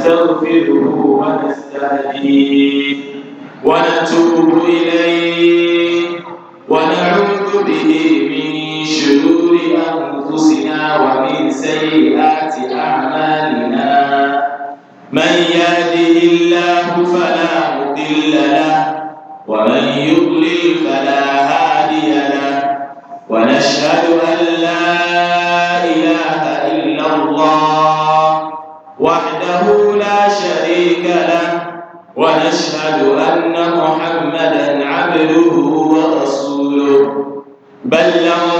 نستغفره ونستهديه ونتوب إليه ونعوذ به من شرور أنفسنا ومن سيئات أعمالنا من يهده الله فلا مضل له ومن يضلل فلا هادي له ونشهد أن لا إله إلا الله بل لهم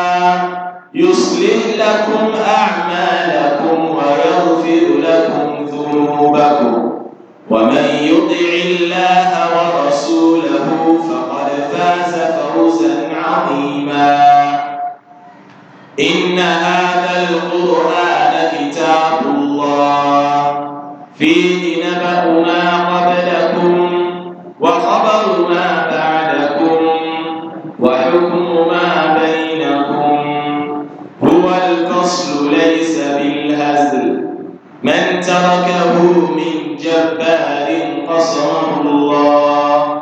يصلح لكم أعمالكم ويغفر لكم ذنوبكم ومن يطع الله ورسوله فقد فاز فوزا عظيما إن هذا القرآن كتاب الله فيه نبأ ما تركه من جبار قصره الله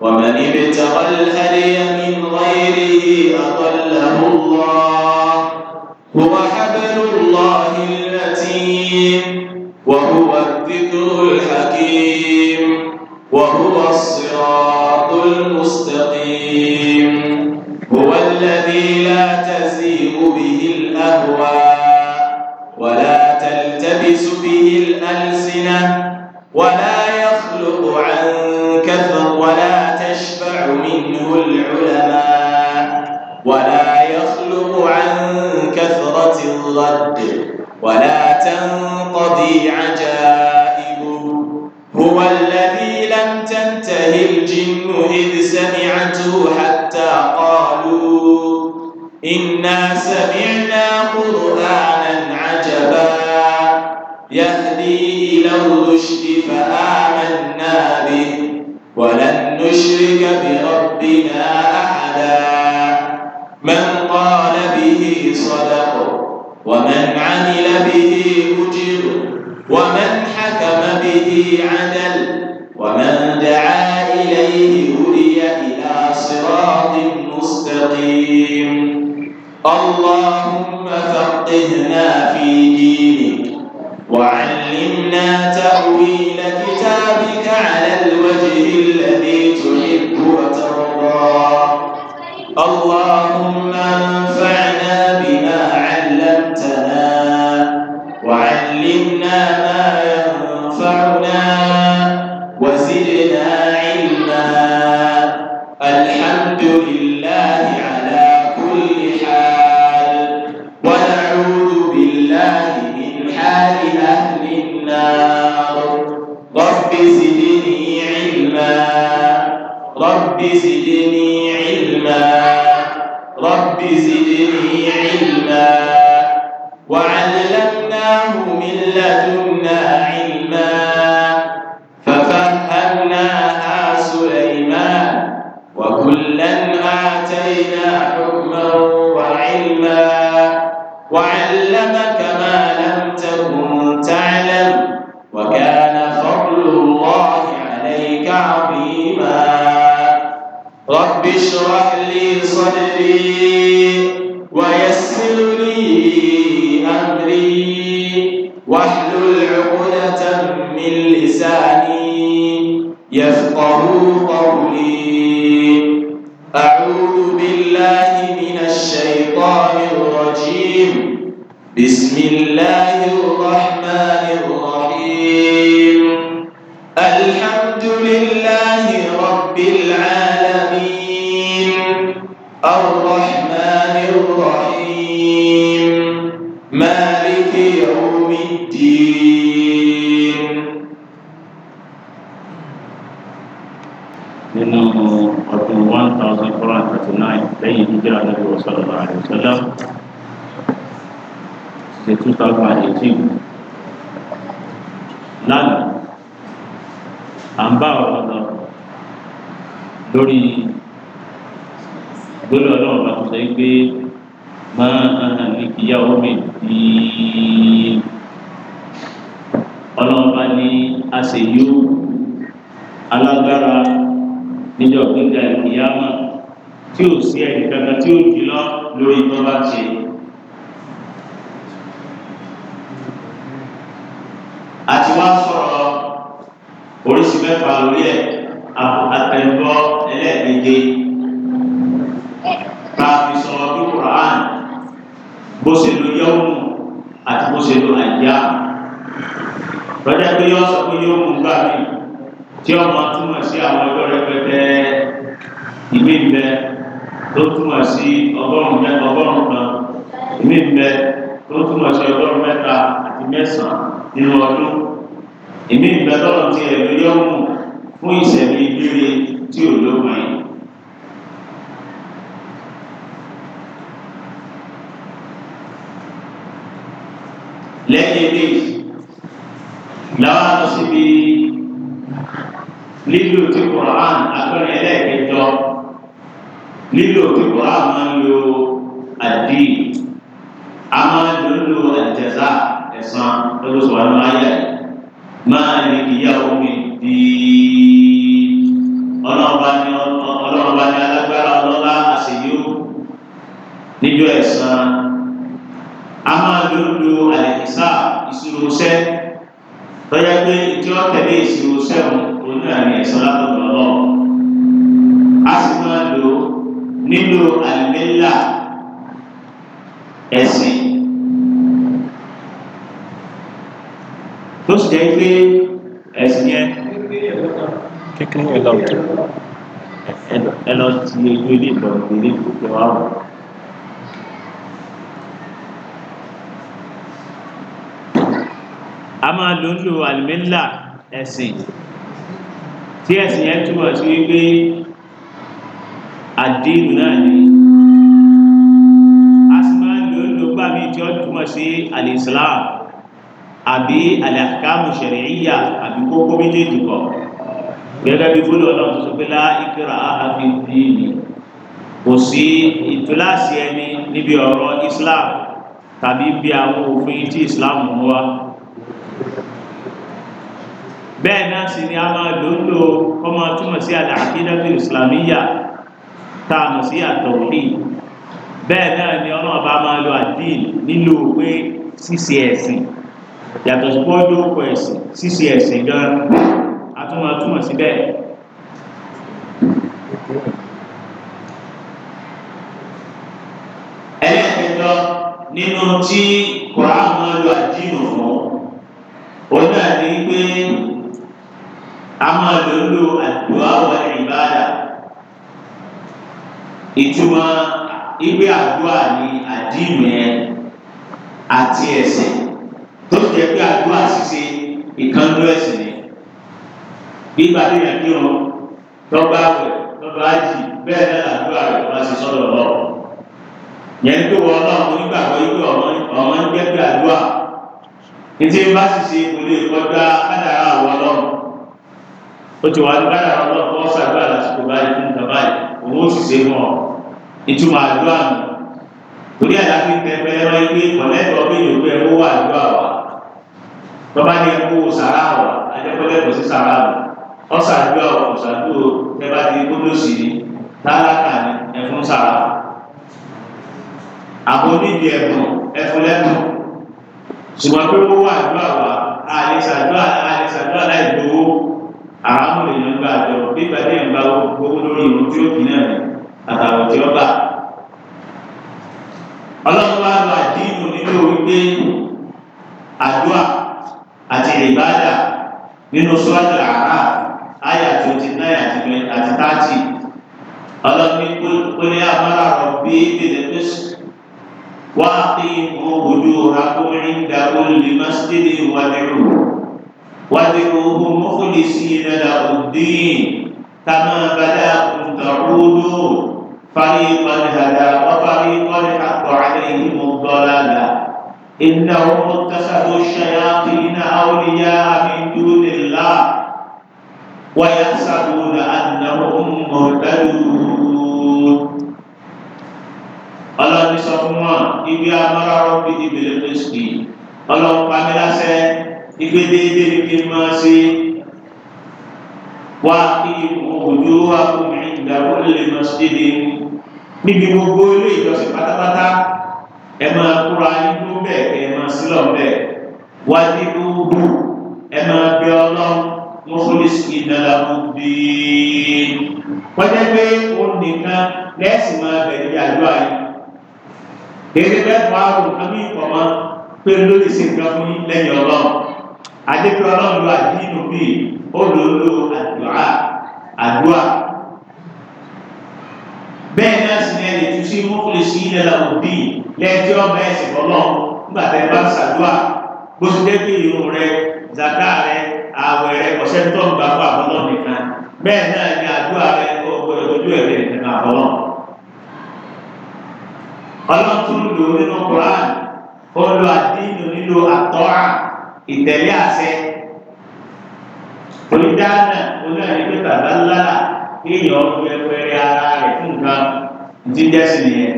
ومن ابتغى الهدي من غيره أضله الله هو حبل الله المتين وهو الذكر الحكيم وهو الصراط المستقيم بآياتنا ولا يخلق عن كثر ولا تشفع منه العلماء ولا يخلق عن كثرة الرد ولا تنقضي عجائبه هو الذي لم تنته الجن إذ سمعته حتى قالوا إنا سمعنا فآمنا به ولن نشرك بربنا أحدا من قال به صدق ومن عمل به أجر ومن حكم به عدل ومن دعا إليه هدي إلى صراط مستقيم اللهم فقهنا في دينك وعلمنا تأويل الذي اللهم انصر bá ọ̀rọ̀ lọ lórí gbólóò ọlọ́run bá tún sọ pé máa ìyàwó mi di ọlọ́run bá ní àṣeyó alágbára níjọ́ gbígbà ìyá mọ̀ tí ò sí ẹnì kankan tí ó jù lọ lórí tó bá ṣe. mẹ́fà lórí ẹ̀ àtẹnudọ́ ẹlẹ́ẹ̀keje tá a fi sọ̀rọ̀ bí Quran bó ṣe lo yẹ́wùmù àti bó ṣe lo àyíyá lọ́jà pé yọ sọ pé yẹ́wùmù gbà mí tí ọmọ túmọ̀ sí àwọn ọjọ́ rẹpẹtẹ ìmí ìbẹ tó túmọ̀ sí ọgọ́rùn-ún mẹ́ta ọgọ́rùn-ún kan ìmí ìbẹ tó túmọ̀ sí ọgọ́rùn-ún àti mẹ́sàn-án nínú ọdún ìmí ìbẹ lọ́rọ̀ tiẹ̀ ló yẹ́wùmù fún ìṣẹ̀lẹ̀ ìbéèrè tí ò lópin. lẹ́yìn eléyìí làwọn lọ síbi lílo ti Qur'an akọrin ẹlẹ́ẹ̀kẹjọ lílo ti Qur'an máa ń lo àdí a máa ń lò lò àjẹsà ẹ̀sán lọ́dún sọ̀rọ̀ ní ayé máa ń ní ìyá omi bíi ọlọ́ọ̀bá ní ọlọ́ọ̀bá ní alágbára ọlọ́lá àṣeyí ó níjọ́ ẹ̀san a máa lóòdò àlẹ́kísà ìṣiròṣẹ́ tọ́jà pé tí wọ́n tẹ̀lé ìṣiròṣẹ́ òun ní àmì ẹ̀san látọ̀dọ̀ ọlọ́ọ̀ a sì máa lò nílò àlẹ́lá ẹ̀sìn tó sì jẹ́ pé ẹ̀sìn yẹn kékeré ẹ lọ ẹ lọ ti ojú ilé lọ ìdílé gbogbo wa wọ. a máa lò ń lo àlùmílà ẹ̀sìn tí ẹ̀sìn yẹn túbọ̀ sí wípé àdéhùn náà ni a sì máa lò ń lo gbàmí tí ó túmọ̀ sí àlìsílámù àbí àlàkàmù ṣẹ̀ríyà àbí kókó méjèèjì kọ̀ọ̀kan gẹ́gẹ́ bí gbólóhùn ọlọ́run tó sọ pé lá ìkírà àfi dìínì kò sí ìtúláàsì ẹni níbi ọ̀rọ̀ Islam tàbí bí àwọn òfin tí Islam mú wá bẹ́ẹ̀ náà sì ni a máa lòlò ọmọ túmọ̀ sí al-aqidatul islamiyya tá a mọ̀ sí at-tawhid bẹ́ẹ̀ náà ni ọlọ́run bá máa lo àdín nílò pé ṣíṣe ẹ̀sìn yàtọ̀ sí pọ́ọ́dún ọkọ̀ ẹ̀sìn ṣíṣe ẹ̀sìn gan-an àtúmọ̀ túmọ̀ sí bẹ́ẹ̀. ẹlẹ́ẹ̀kẹjọ nínú tí kòránù lọ àdínù fún òun náà ní pé a máa lò ń lo àdúrà wọ ìbáàdà ìtumọ̀ ìwé àdúrà ní àdínù yẹn àti ẹ̀sìn tó jẹ́ pé àdúrà ṣíṣe ìkànnú ẹ̀sìn ni gbígbà tó yàn kí wọn lọ́gbà àwẹ̀ lọ́gbà àjì bẹ́ẹ̀ náà làdúrà rẹ̀ wọ́n ti sọ́dọ̀ lọ. yẹn tó wọ ọlọ́run onígbàgbọ́ yìí ọmọ ń jẹ́ bí àdúrà ètí bá sì ṣe kò lè kọjá kádàrá àwọn ọlọ́run ó ti wà ní kádàrá ọlọ́run kọ́ sàdúrà lásìkò báyìí fún ìgbà báyìí òun ó sì ṣe fún ọ ìtumọ̀ àdúrà nù torí àyàfi tẹ̀pẹ́ ẹ̀rọ ilé kọ̀lẹ́tọ̀ bí ọ̀sàdúrà ọ̀sàdúrà ẹ̀bá ti gbọ́dọ̀ sí ni tálákà ni ẹ̀fún sára àbọ̀ nídìí ẹ̀bùn ẹ̀fún lẹ́bùn ṣùgbọ́n pé wọ́n wà àdúrà wa àlẹ́sàdúrà àlẹ́sàdúrà láì gbowó àhámù lèèyàn gbà jọ nígbà tí ẹ̀ǹgbà gbowó lórí ìlú tí ó kì náà ni àtàwọn tí ó bà ọlọ́run wá lọ àdínù nínú wípé àdúrà àti ìbádà nínú sọ́ọ́dà àrà àyà twenty nine àti àti thirty ọlọ́ni kúlẹ̀ abala rọ̀ bí bìlẹ̀ pẹ̀sì wá kí mú ojú akórin dàgbò lè má sídìí wàdìrú wàdìrú mọ́kùnrin sí ìrẹ̀lẹ̀ òdìyìn kàmá bàdà ntàrúdù fariqan hada wa fariqan haqqo alayhim ad-dalala innahum ittasadu ash-shayatin awliya min dunillah. ويحسبون أنهم مهتدون ọlọ́run ní sọ fún wọn ibi amára rọ́bì ìbílẹ̀ kristi ọlọ́run pàmí láṣẹ ibi déédéé ní kí n máa ṣe wá ìmọ̀ òjò akọ̀mìnrin ìdàgbọ́ lè máa ṣe dé níbi gbogbo ilé ìjọsìn pátápátá ẹ máa kóra inú bẹ́ẹ̀ ẹ máa sílọ̀ bẹ́ẹ̀ wá nínú ẹ máa bẹ ọlọ́run mọ́fúnlẹ́sìkì dára gbogbo wọ́n jẹ́ pé òun nìkan lẹ́sìn máa bẹ̀rẹ̀ àjọ àyè èdè bẹ́ẹ̀ fọ́ àrùn àmì ìkọ̀mọ́ pé lórí sí nǹkan fún lẹ́yìn ọlọ́run adékè ọlọ́run ló àdínú bíi ó lò ó lò àdúrà àdúrà bẹ́ẹ̀ náà sì ní ẹni tún sí mọ́fúnlẹ́sìkì dára gbogbo lẹ́ẹ̀tì ọmọ ẹ̀sìn ọlọ́run nígbà tẹ́ bá ń ṣàdúrà bó ti dẹ́ pé àwẹ̀ rẹ kọ̀ṣẹ́ tó ń gbà fún àbọ̀lọ́ nìkan bẹ́ẹ̀ náà ni àdúrà rẹ ojú ẹ̀rẹ́ nìkan àbọ̀lọ́. ọlọ́run tún lò nínú Quran ó lo àdínù nílò àtọ́ra ìtẹ̀lé àṣẹ onídàánà onídàánà pé bàbá ńlá kéèyàn yẹpẹrẹ ara rẹ̀ fún nǹkan ti dẹ́sìn nìyẹn.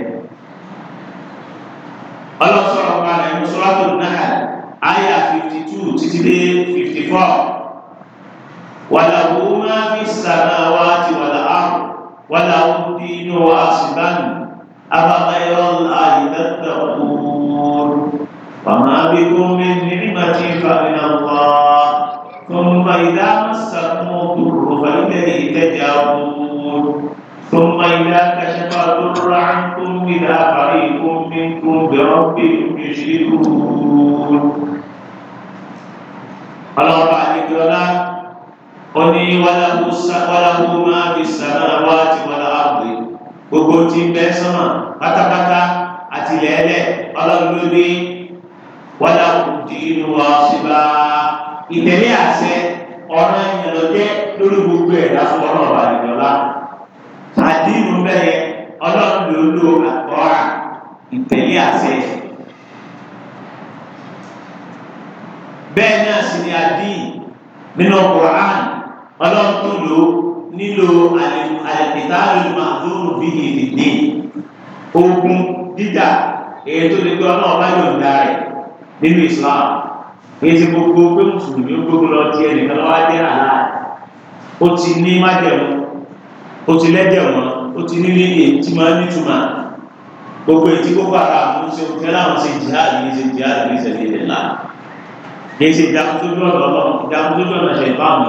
ọlọ́run sọ̀rọ̀ rẹ̀ ní sọ́rọ́ tó náà àyà fifty two títí dé fifty four wàlàwò máa fi sàmà wá ti wàlà áhù wàlàwò dínú àṣìbánu abàmáyọ àyíká òun wàmà bíkún mi nígbà tí fàmìlà wà ثم إذا مسكم الضر فإليه تجارون ثم إذا كشف الضر عنكم إذا فريق منكم بربهم يشركون الله بعد ذلك oni walahu walahu ma fi samawati wal ardi gbogbo tí ń bẹ sánmà pátápátá àti lẹ́lẹ̀ ọlọ́run ló ní walahu dínú wa síbá ìtẹ̀lé àṣẹ ọ̀ràn ìyànlọ́jẹ́ lórí gbogbo ẹ̀dá fún ọlọ́run àdìgbọ́lá àdínú bẹ́ẹ̀ ọlọ́run ló lo àgbọ́ra ìtẹ̀lé àṣẹ. bẹ́ẹ̀ náà sì àdí nínú Qur'an ọlọ́run tó lò ó nílò àlẹ́kìtà lónìí àdúró bí ìdìdì ogun dídà èyí tó lè gbé ọlọ́run bá yọ̀ǹda rẹ̀ nínú Islam èyí ti gbogbo pé mùsùlùmí ó gbogbo lọ tiẹ̀ nìkan lọ́wọ́ á jẹ́ àlá ó ti ní májẹ̀mú ó ti lẹ́jẹ̀ wọn ó ti nílé èyí tí máa nítumà gbogbo ètí gbogbo ara àwọn ṣe òkè láwọn ṣe jihad ní ṣe jihad ní ṣe lè lè la kì í ṣe ìdákútójú ọ̀nà ọlọ́run ìdákútójú ọ̀nà ṣe ìbámu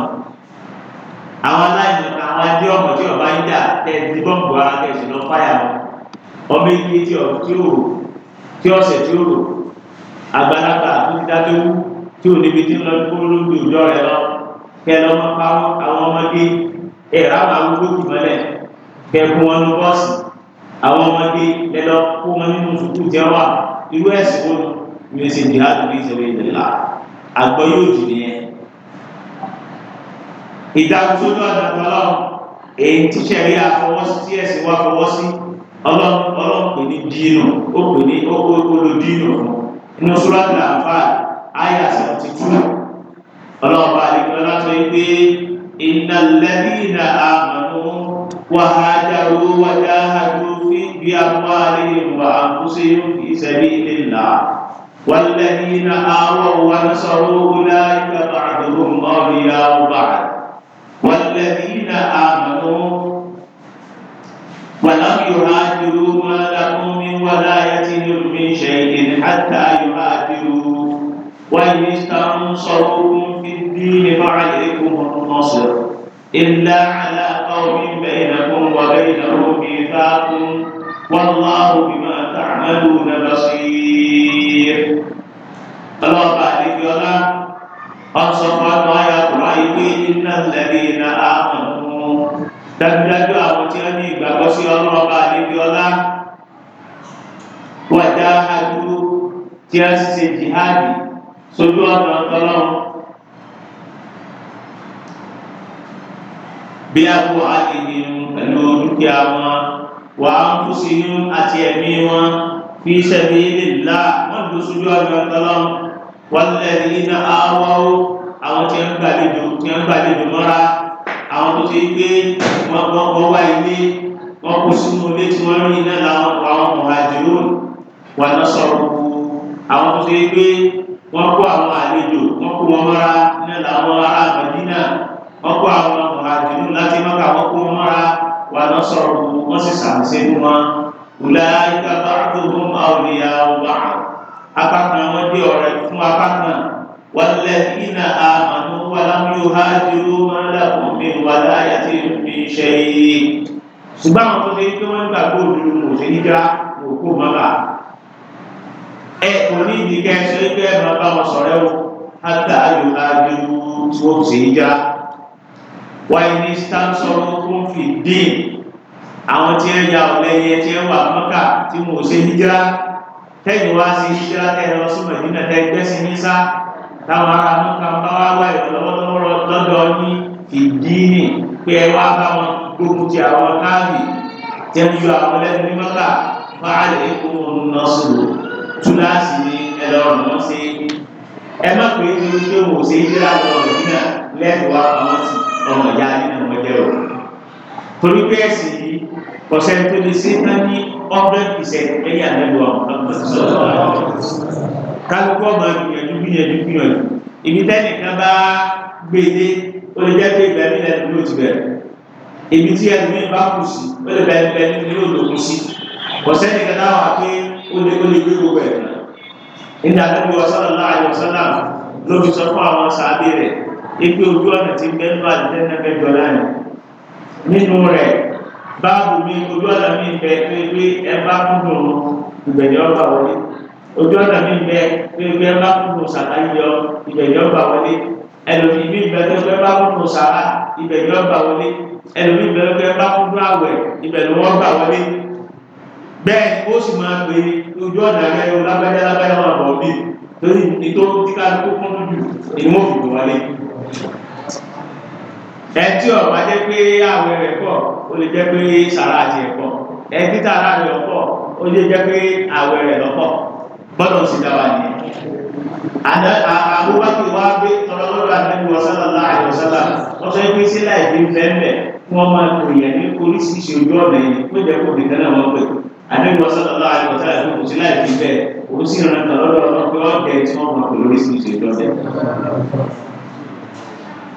àwọn aláìní àwọn adé ọmọ tí ọba yín dà tẹ ẹni bọ́ǹbù ara kẹsì lọ fáyà wọn ọmọ ilé tí ọ tí ò tí ọ̀sẹ̀ tí ò rò àgbàlagbà àtúntí tí ò níbi tí lọ kó lóbi òjò rẹ lọ kẹ lọ máa pa àwọn ọmọdé ẹ ráwọn arúgbó kù mọ́lẹ̀ kẹkù wọn ní bọ́ọ̀sì àwọn ọmọdé lẹ́lọ kó wọn nínú sùkúù jẹ́ wà irú ẹ̀sìn wọn ni wọ́n ṣe jìhá lórí ìṣẹ̀lẹ̀ ìdẹ̀lá àgbọ̀ yóò jì nìyẹn. ìdákùsójú àdàpọ̀ ọlọ́run èyí tíṣẹ̀ rí àfọwọ́sí tí ẹ̀sìn wá fọwọ́sí ọlọ́run pè ní dínà ó pè ní ó ló dínà fún inú súrátì àǹfààní àyà seventy two ọlọ́run bá a lè gbọ́ وهاجروا وجاهدوا في بأموالهم وأنفسهم في سبيل الله والذين آووا ونصروا أولئك بعضهم أولياء بعض والذين آمنوا ولم يهاجروا ما لهم من ولايتهم من شيء حتى يهاجروا وإن استنصروكم في الدين فعليكم النصر إلا على قوم بينكم وبينه ميثاق والله بما تعملون بصير الله بعدك يلا أنصفت آية قرآن إن الذين آمنوا dájúdájú àwọn tí wọn ní ìgbàgbọ́ sí ọlọ́run ọba àdébíọ́lá wàjá adúró tí wọn ṣe jihadi bí abo àgbègbè pẹ̀lú dúkìá wọn wà á kú sí inú àti ẹ̀mí wọn fi sabilillah wọ́n dùn sójú ọ̀dọ̀ ọ̀tọ́lọ́m walladhina awaw àwọn tí wọ́n gbàlejò tí wọ́n gbàlejò mọ́ra àwọn tó ti gbé wọ́n wọ́n wá ilé wọ́n kó sínú ilé tí wọ́n rí iná làwọn àwọn muhajirun wà ná sọ̀rọ̀ kú àwọn tó ti gbé wọ́n kó àwọn àlejò wọ́n kó wọn mọ́ra iná làwọn ará kà wọ́n kó mọ́ra wà lọ sọ̀rọ̀ gbogbo wọ́n sì sàmìsẹ́ fún wọn. Òlà ìgbà bá tó fún àwòrìyà ọba. Apákan wọn dé ọ̀rẹ́ fún apákan. Wàlẹ̀ iná àmàlú wàlámúyò há dúró máa dàpọ̀ mi wàlá àyàtí mi ṣe é. Ṣùgbọ́n àwọn tó ṣe pé wọ́n gbà kó òdodo mò ṣe níjà òkú mọ́ra. Ẹ kò ní ìdíkẹ́ ṣe pé ẹ máa bá wọn sọ̀rẹ́ o. Hátà ayò há dúró tí wọ́n ṣe níjà wáyé ní stansoro fún fìdí àwọn tí ń ya ọ̀lẹ́yẹ tí ń wà mọ́kà tí wọn ò ṣe hijira tẹ́yìn wá sí hijira tẹ́yìn lọ sí mẹ̀dínà tẹ́yìn gbẹ́sí ní sá táwọn ará mọ́kà ń bá wá wá ìrànlọ́wọ́ lọ́dọ̀ ní fìdí ní pé ẹ wá bá wọn gbógun ti àwọn káàbì tẹ́ ń yọ àwọn lẹ́nu ní mọ́kà fáàlì èkó náà sòrò túláàsì ní ẹlọ́run náà ṣe é ẹ má pé ní ojú òun ò ṣe hijira lọ́dọ̀ nínà lẹ́nu àwọn ti ọmọ ìyá nínú ọmọdé o torí bẹ́ẹ̀ sì ni kọ̀sẹ̀ tó lè ṣe tán ní hundred percent lẹ́yìn àdébùwà kálukú ọmọ ìgbìyànjú gbìyànjú gbìyànjú ibi tẹ́nì kan bá gbèdé ó lè jẹ́ pé ìgbà mi lẹ́nu ló ti bẹ̀rẹ̀ ibi tí ẹnu mi bá kù sí ó lè bẹ̀rẹ̀ bẹ̀rẹ̀ nínú yóò lòkù sí kọ̀sẹ̀ nìkan náà wà pé ó lè ó lè gbé gbogbo ẹ̀ nígbà tó ọ̀sán ipe ojú ọ̀nà tí bẹ́ẹ̀ lọ àdìdẹ́nà mẹ́jọ lánàá nínú rẹ̀ báàbù mi ojú ọ̀nà mi bẹ pé pé ẹ bá kúndùn ìgbẹ̀yìn ọba wọlé ojú ọ̀nà mi bẹ pé pé ẹ bá kúndùn sàkáyọ ìgbẹ̀yìn ọba wọlé ẹlòmíì mi bẹ pé pé ẹ bá kúndùn sàrà ìgbẹ̀yìn ọba wọlé ẹlòmíì bẹ pé ẹ bá kúndùn àwẹ̀ ìgbẹ̀yìn ọba wọlé bẹ́ẹ̀ ó sì máa pe ojú ọ̀nà rẹ̀ lábẹ́jẹ́ lábẹ́jẹ́ wọn bọ̀ bí torí ìtò tí kálukú kúndùn jù ni wọ́n fi wọlé ẹtí ọ̀rọ̀ máa jẹ́ pé àwẹ̀ rẹ̀ pọ̀ ó lè jẹ́ pé sàrà àti ẹ̀pọ̀ ẹtí tààrà rẹ̀ ọ̀pọ̀ ó lè jẹ́ pé àwẹ̀ rẹ̀ lọ́pọ̀ gbọ́dọ̀ sì dáwà ní. àbúbákì wá gbé ọlọ́lọ́dọ̀ àdébù ọ̀sálàlá àyọ̀sálà wọ́n sọ pé sílá ìdí fẹ́ẹ̀mẹ̀ kí wọ́n máa pè yẹn ní oríṣiríṣi ojú ọ̀nà yìí pé jẹ́ kó nìkan náà wọ́n pè àdébù ọ̀sálàlá àyọ̀sálà tó kù sílá ìdí bẹ́ẹ̀ òun sì rìn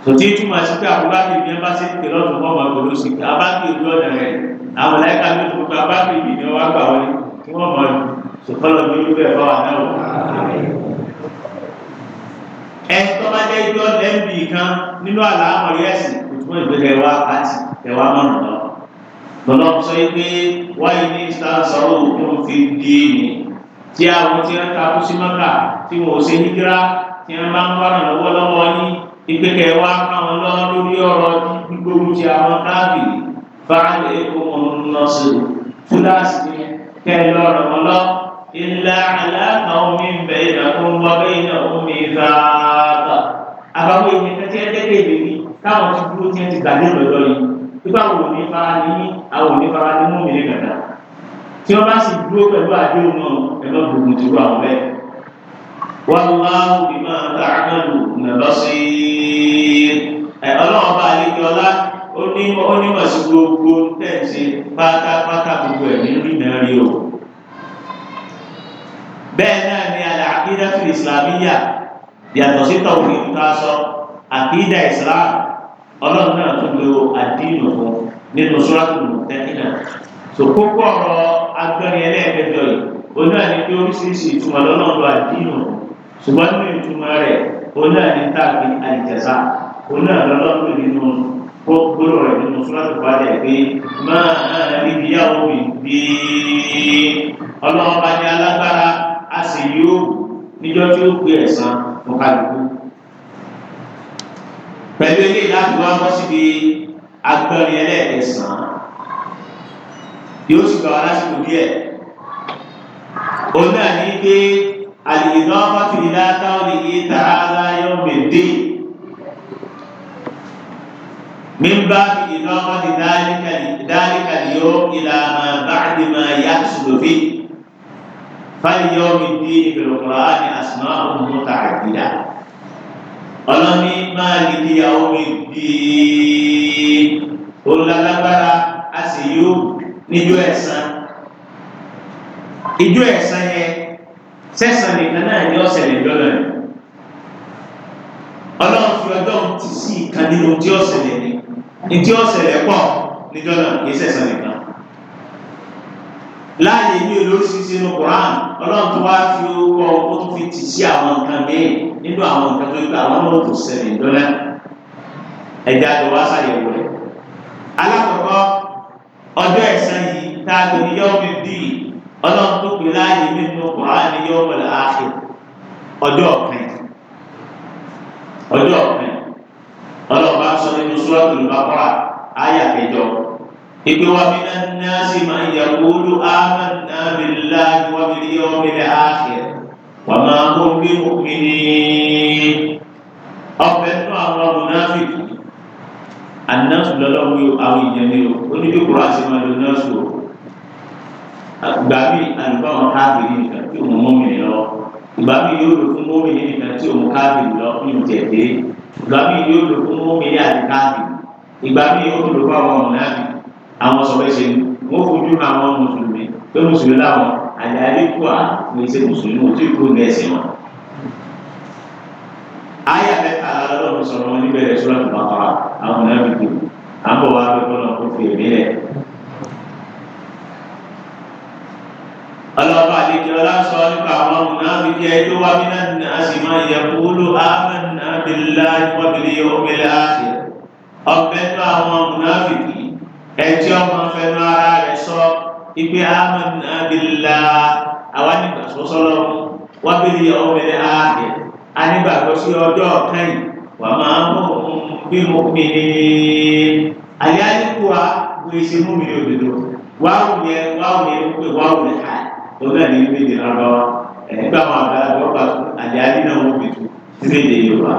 tòtí túmọ̀ sí pé àbúrò àti ìbí ẹ bá ṣe ń pè lọ́dún mọ́ ọmọ ìgbòho sí ká bá gbé ojú ọ̀nà rẹ̀ àwọn ẹ̀ka ló tó gba bá gbé ìbí wá gbà wọlé kí wọ́n mọ̀ ọ́n sọ̀kọ́lọ̀ ní irú ẹ̀ bá wà náà wọ̀. ẹ tó bá jẹ́ ijó lẹ́ǹbì kan nínú àlà àmọ̀rí ẹ̀sìn kò túmọ̀ ìgbésẹ̀ wa àti ẹ̀wà mọ̀nà lọ. lọ́lọ́ sọ pé wáyé ní sọ̀rọ̀ òkun fi di èyí tí àwọn tí wọ́n ta kú sí mọ́kà tí wọ́n ò ṣe hijira tí wọ́n máa ń wá lọ́wọ́lọ́wọ́ yín ìpèkè wa káwọn lọ lórí ọ̀rọ̀ gbogbo ti àwọn káàbì fáàlì èkó mọ̀nùmọ́sọ fúláàsì kẹ́ẹ̀ lọ́rọ̀ wọn lọ ilẹ̀ aláàbà omi ń bẹ ìdàkùn wọlé iná omi ìfàkà àbáwọ̀ èmi kẹ́tí ẹ̀ẹ́dẹ́gbẹ̀ èmi káwọn ti dúró tí wọ́n ti gbàdé lọ́dọ̀ yìí ipa wò ní fara ní yín àwọn òní fara ní mú mi ní gàdá tí wọ́n bá sì dúró pẹ̀lú àdéhùn náà ẹ̀rọ gbogbo wàlláhu bímá tààmàlù nàlọ́sí ẹ ọlọ́run bá àlejò ọlá onímọ̀ sí gbogbo tẹ̀sí pátápátá gbogbo ẹ̀mí rìnnà rí o. bẹ́ẹ̀ náà ni àlẹ́ àkídá fún ìsìlámíyà yàtọ̀ sí tọ̀wé ká sọ àkídá ìsìlám ọlọ́run náà tún lo àdínù fún nínú sọ́ràtún tẹ́kínà. tó kókó ọ̀rọ̀ agbẹ́rin ẹlẹ́ẹ̀kẹjọ yìí onáà ni pé oríṣiríṣi ìtumọ̀ lọ́nà ọ̀dọ̀ àdínù fún ṣùgbọ́n ní ìtumọ̀ rẹ̀ oní àdínkà bí àìjẹsà oní àlọ́lọ́pẹ̀ nínú gbọ́dọ̀ rẹ̀ nínú sọ́láṣù padà pé máa níbi yàwó mi bí ọlọ́wọ́ bá ní alágbára a sì yóò níjọ́ tí ó gbé ẹ̀sán mọ́kàlùkù. pẹ̀lú eléyìí láti wá bọ́ síbi agbọ́nrin ẹlẹ́ẹ̀kẹsàn-án yóò sì gbà wá lásìkò díẹ̀ oní àdínkà. الإضافة إلى قوله تعالى يوم الدين من باب إضافة ذلك ذلك اليوم إلى ما بعد ما يحصل فيه فاليوم الدين في القرآن أسماء متعددة ọlọ́ni máa gidi ìyàwó mi dìí olùlágbára a sì yóò níjọ́ ẹ̀san ìjọ́ ẹ̀san yẹn sẹ́sàn nìkan náà ni ọ̀sẹ̀lẹ̀ lọ́la rẹ̀ ọlọ́run fi ọjọ́ ti sí ìkan nínú tí ọ̀sẹ̀lẹ̀ ni ìtí ọ̀sẹ̀lẹ̀ pọ̀ níjọ́ náà kì í sẹ̀sàn nìkan láàyè ní olóríṣiríṣi inú Quran ọlọ́run tó wá fi orúkọ ó tún fi tì sí àwọn nǹkan míì nínú àwọn nǹkan tó gbà wọn náà tó ṣẹlẹ̀ lọ́la ẹ̀dá tó wá ṣàyẹ̀wò rẹ̀ alákọ̀ọ́kọ́ ọjọ́ ẹ̀san yìí tá a gbé ní yọ́ọ̀mì bíi ọlọ́run tó pè láàyè nínú kùránì yóò wọlé ààfin ọjọ́ ọ̀pìn ọjọ́ ọ̀pìn ọlọ́run bá sọ nínú suratul Baqara àyà kẹjọ ìpè wa minan nasi man yaqulu amanna billahi wa bil yawmil akhir wa ma hum bi mu'minin ọ̀pẹ̀ nínú àwọn mùnáfíkì ànáṣù lọ́lọ́wọ́ àwọn ìyẹn ní o oníjókòó àti màdùnásù o gbà mí àlùfáà wọn káàkiri nìkan tí òun mú mi lọ gbà mí yóò lò fún mọ́mí nìkan tí òun káàkiri lọ ní ìjẹ̀dé gbà mí yóò lò fún mọ́mí ní àti káàkiri ìgbà mí yóò lò fún àwọn ọ̀nà àbí àwọn sọ̀rọ̀ ṣe wọ́n fojú àwọn mùsùlùmí pé mùsùlùmí làwọn àyàlé kù à ní ṣe mùsùlùmí wọn tí kò nẹ̀sìn wọn. ayé àbẹ́ta lọ́dọ̀ sọ̀rọ̀ wọn níbẹ̀rẹ̀ ọlọ́ba àdéjọ́ lásọ nípa àwọn mùnàbíkẹ́ tó wá bí náà ní àṣìmọ́ ìyẹ̀kúlù ámẹ́nà bílá ìwọ́bìlì òmìnira àṣẹ ọbẹ̀ tó àwọn mùnàbíkì ẹtí ọmọ fẹnu ara rẹ̀ sọ ipe ámẹ́nà bílá àwọn ìgbàsọ́ sọ́lọ́ wọ́bìlì òmìnira àṣẹ anígbàgbọ́ sí ọjọ́ kẹ́yìn wà máa ń bí mo pè ní àyáyíkú wa gbèsè mú mi òdodo wàá wù yẹ wàá wù yẹ wọ́n wàá wù yẹ àyè tó náà ní méje lọ́dọ̀ ẹ̀ẹ́gbà wọn àgbàlagbà ọba àdé àdínà wọn fi tu sí méje yorùbá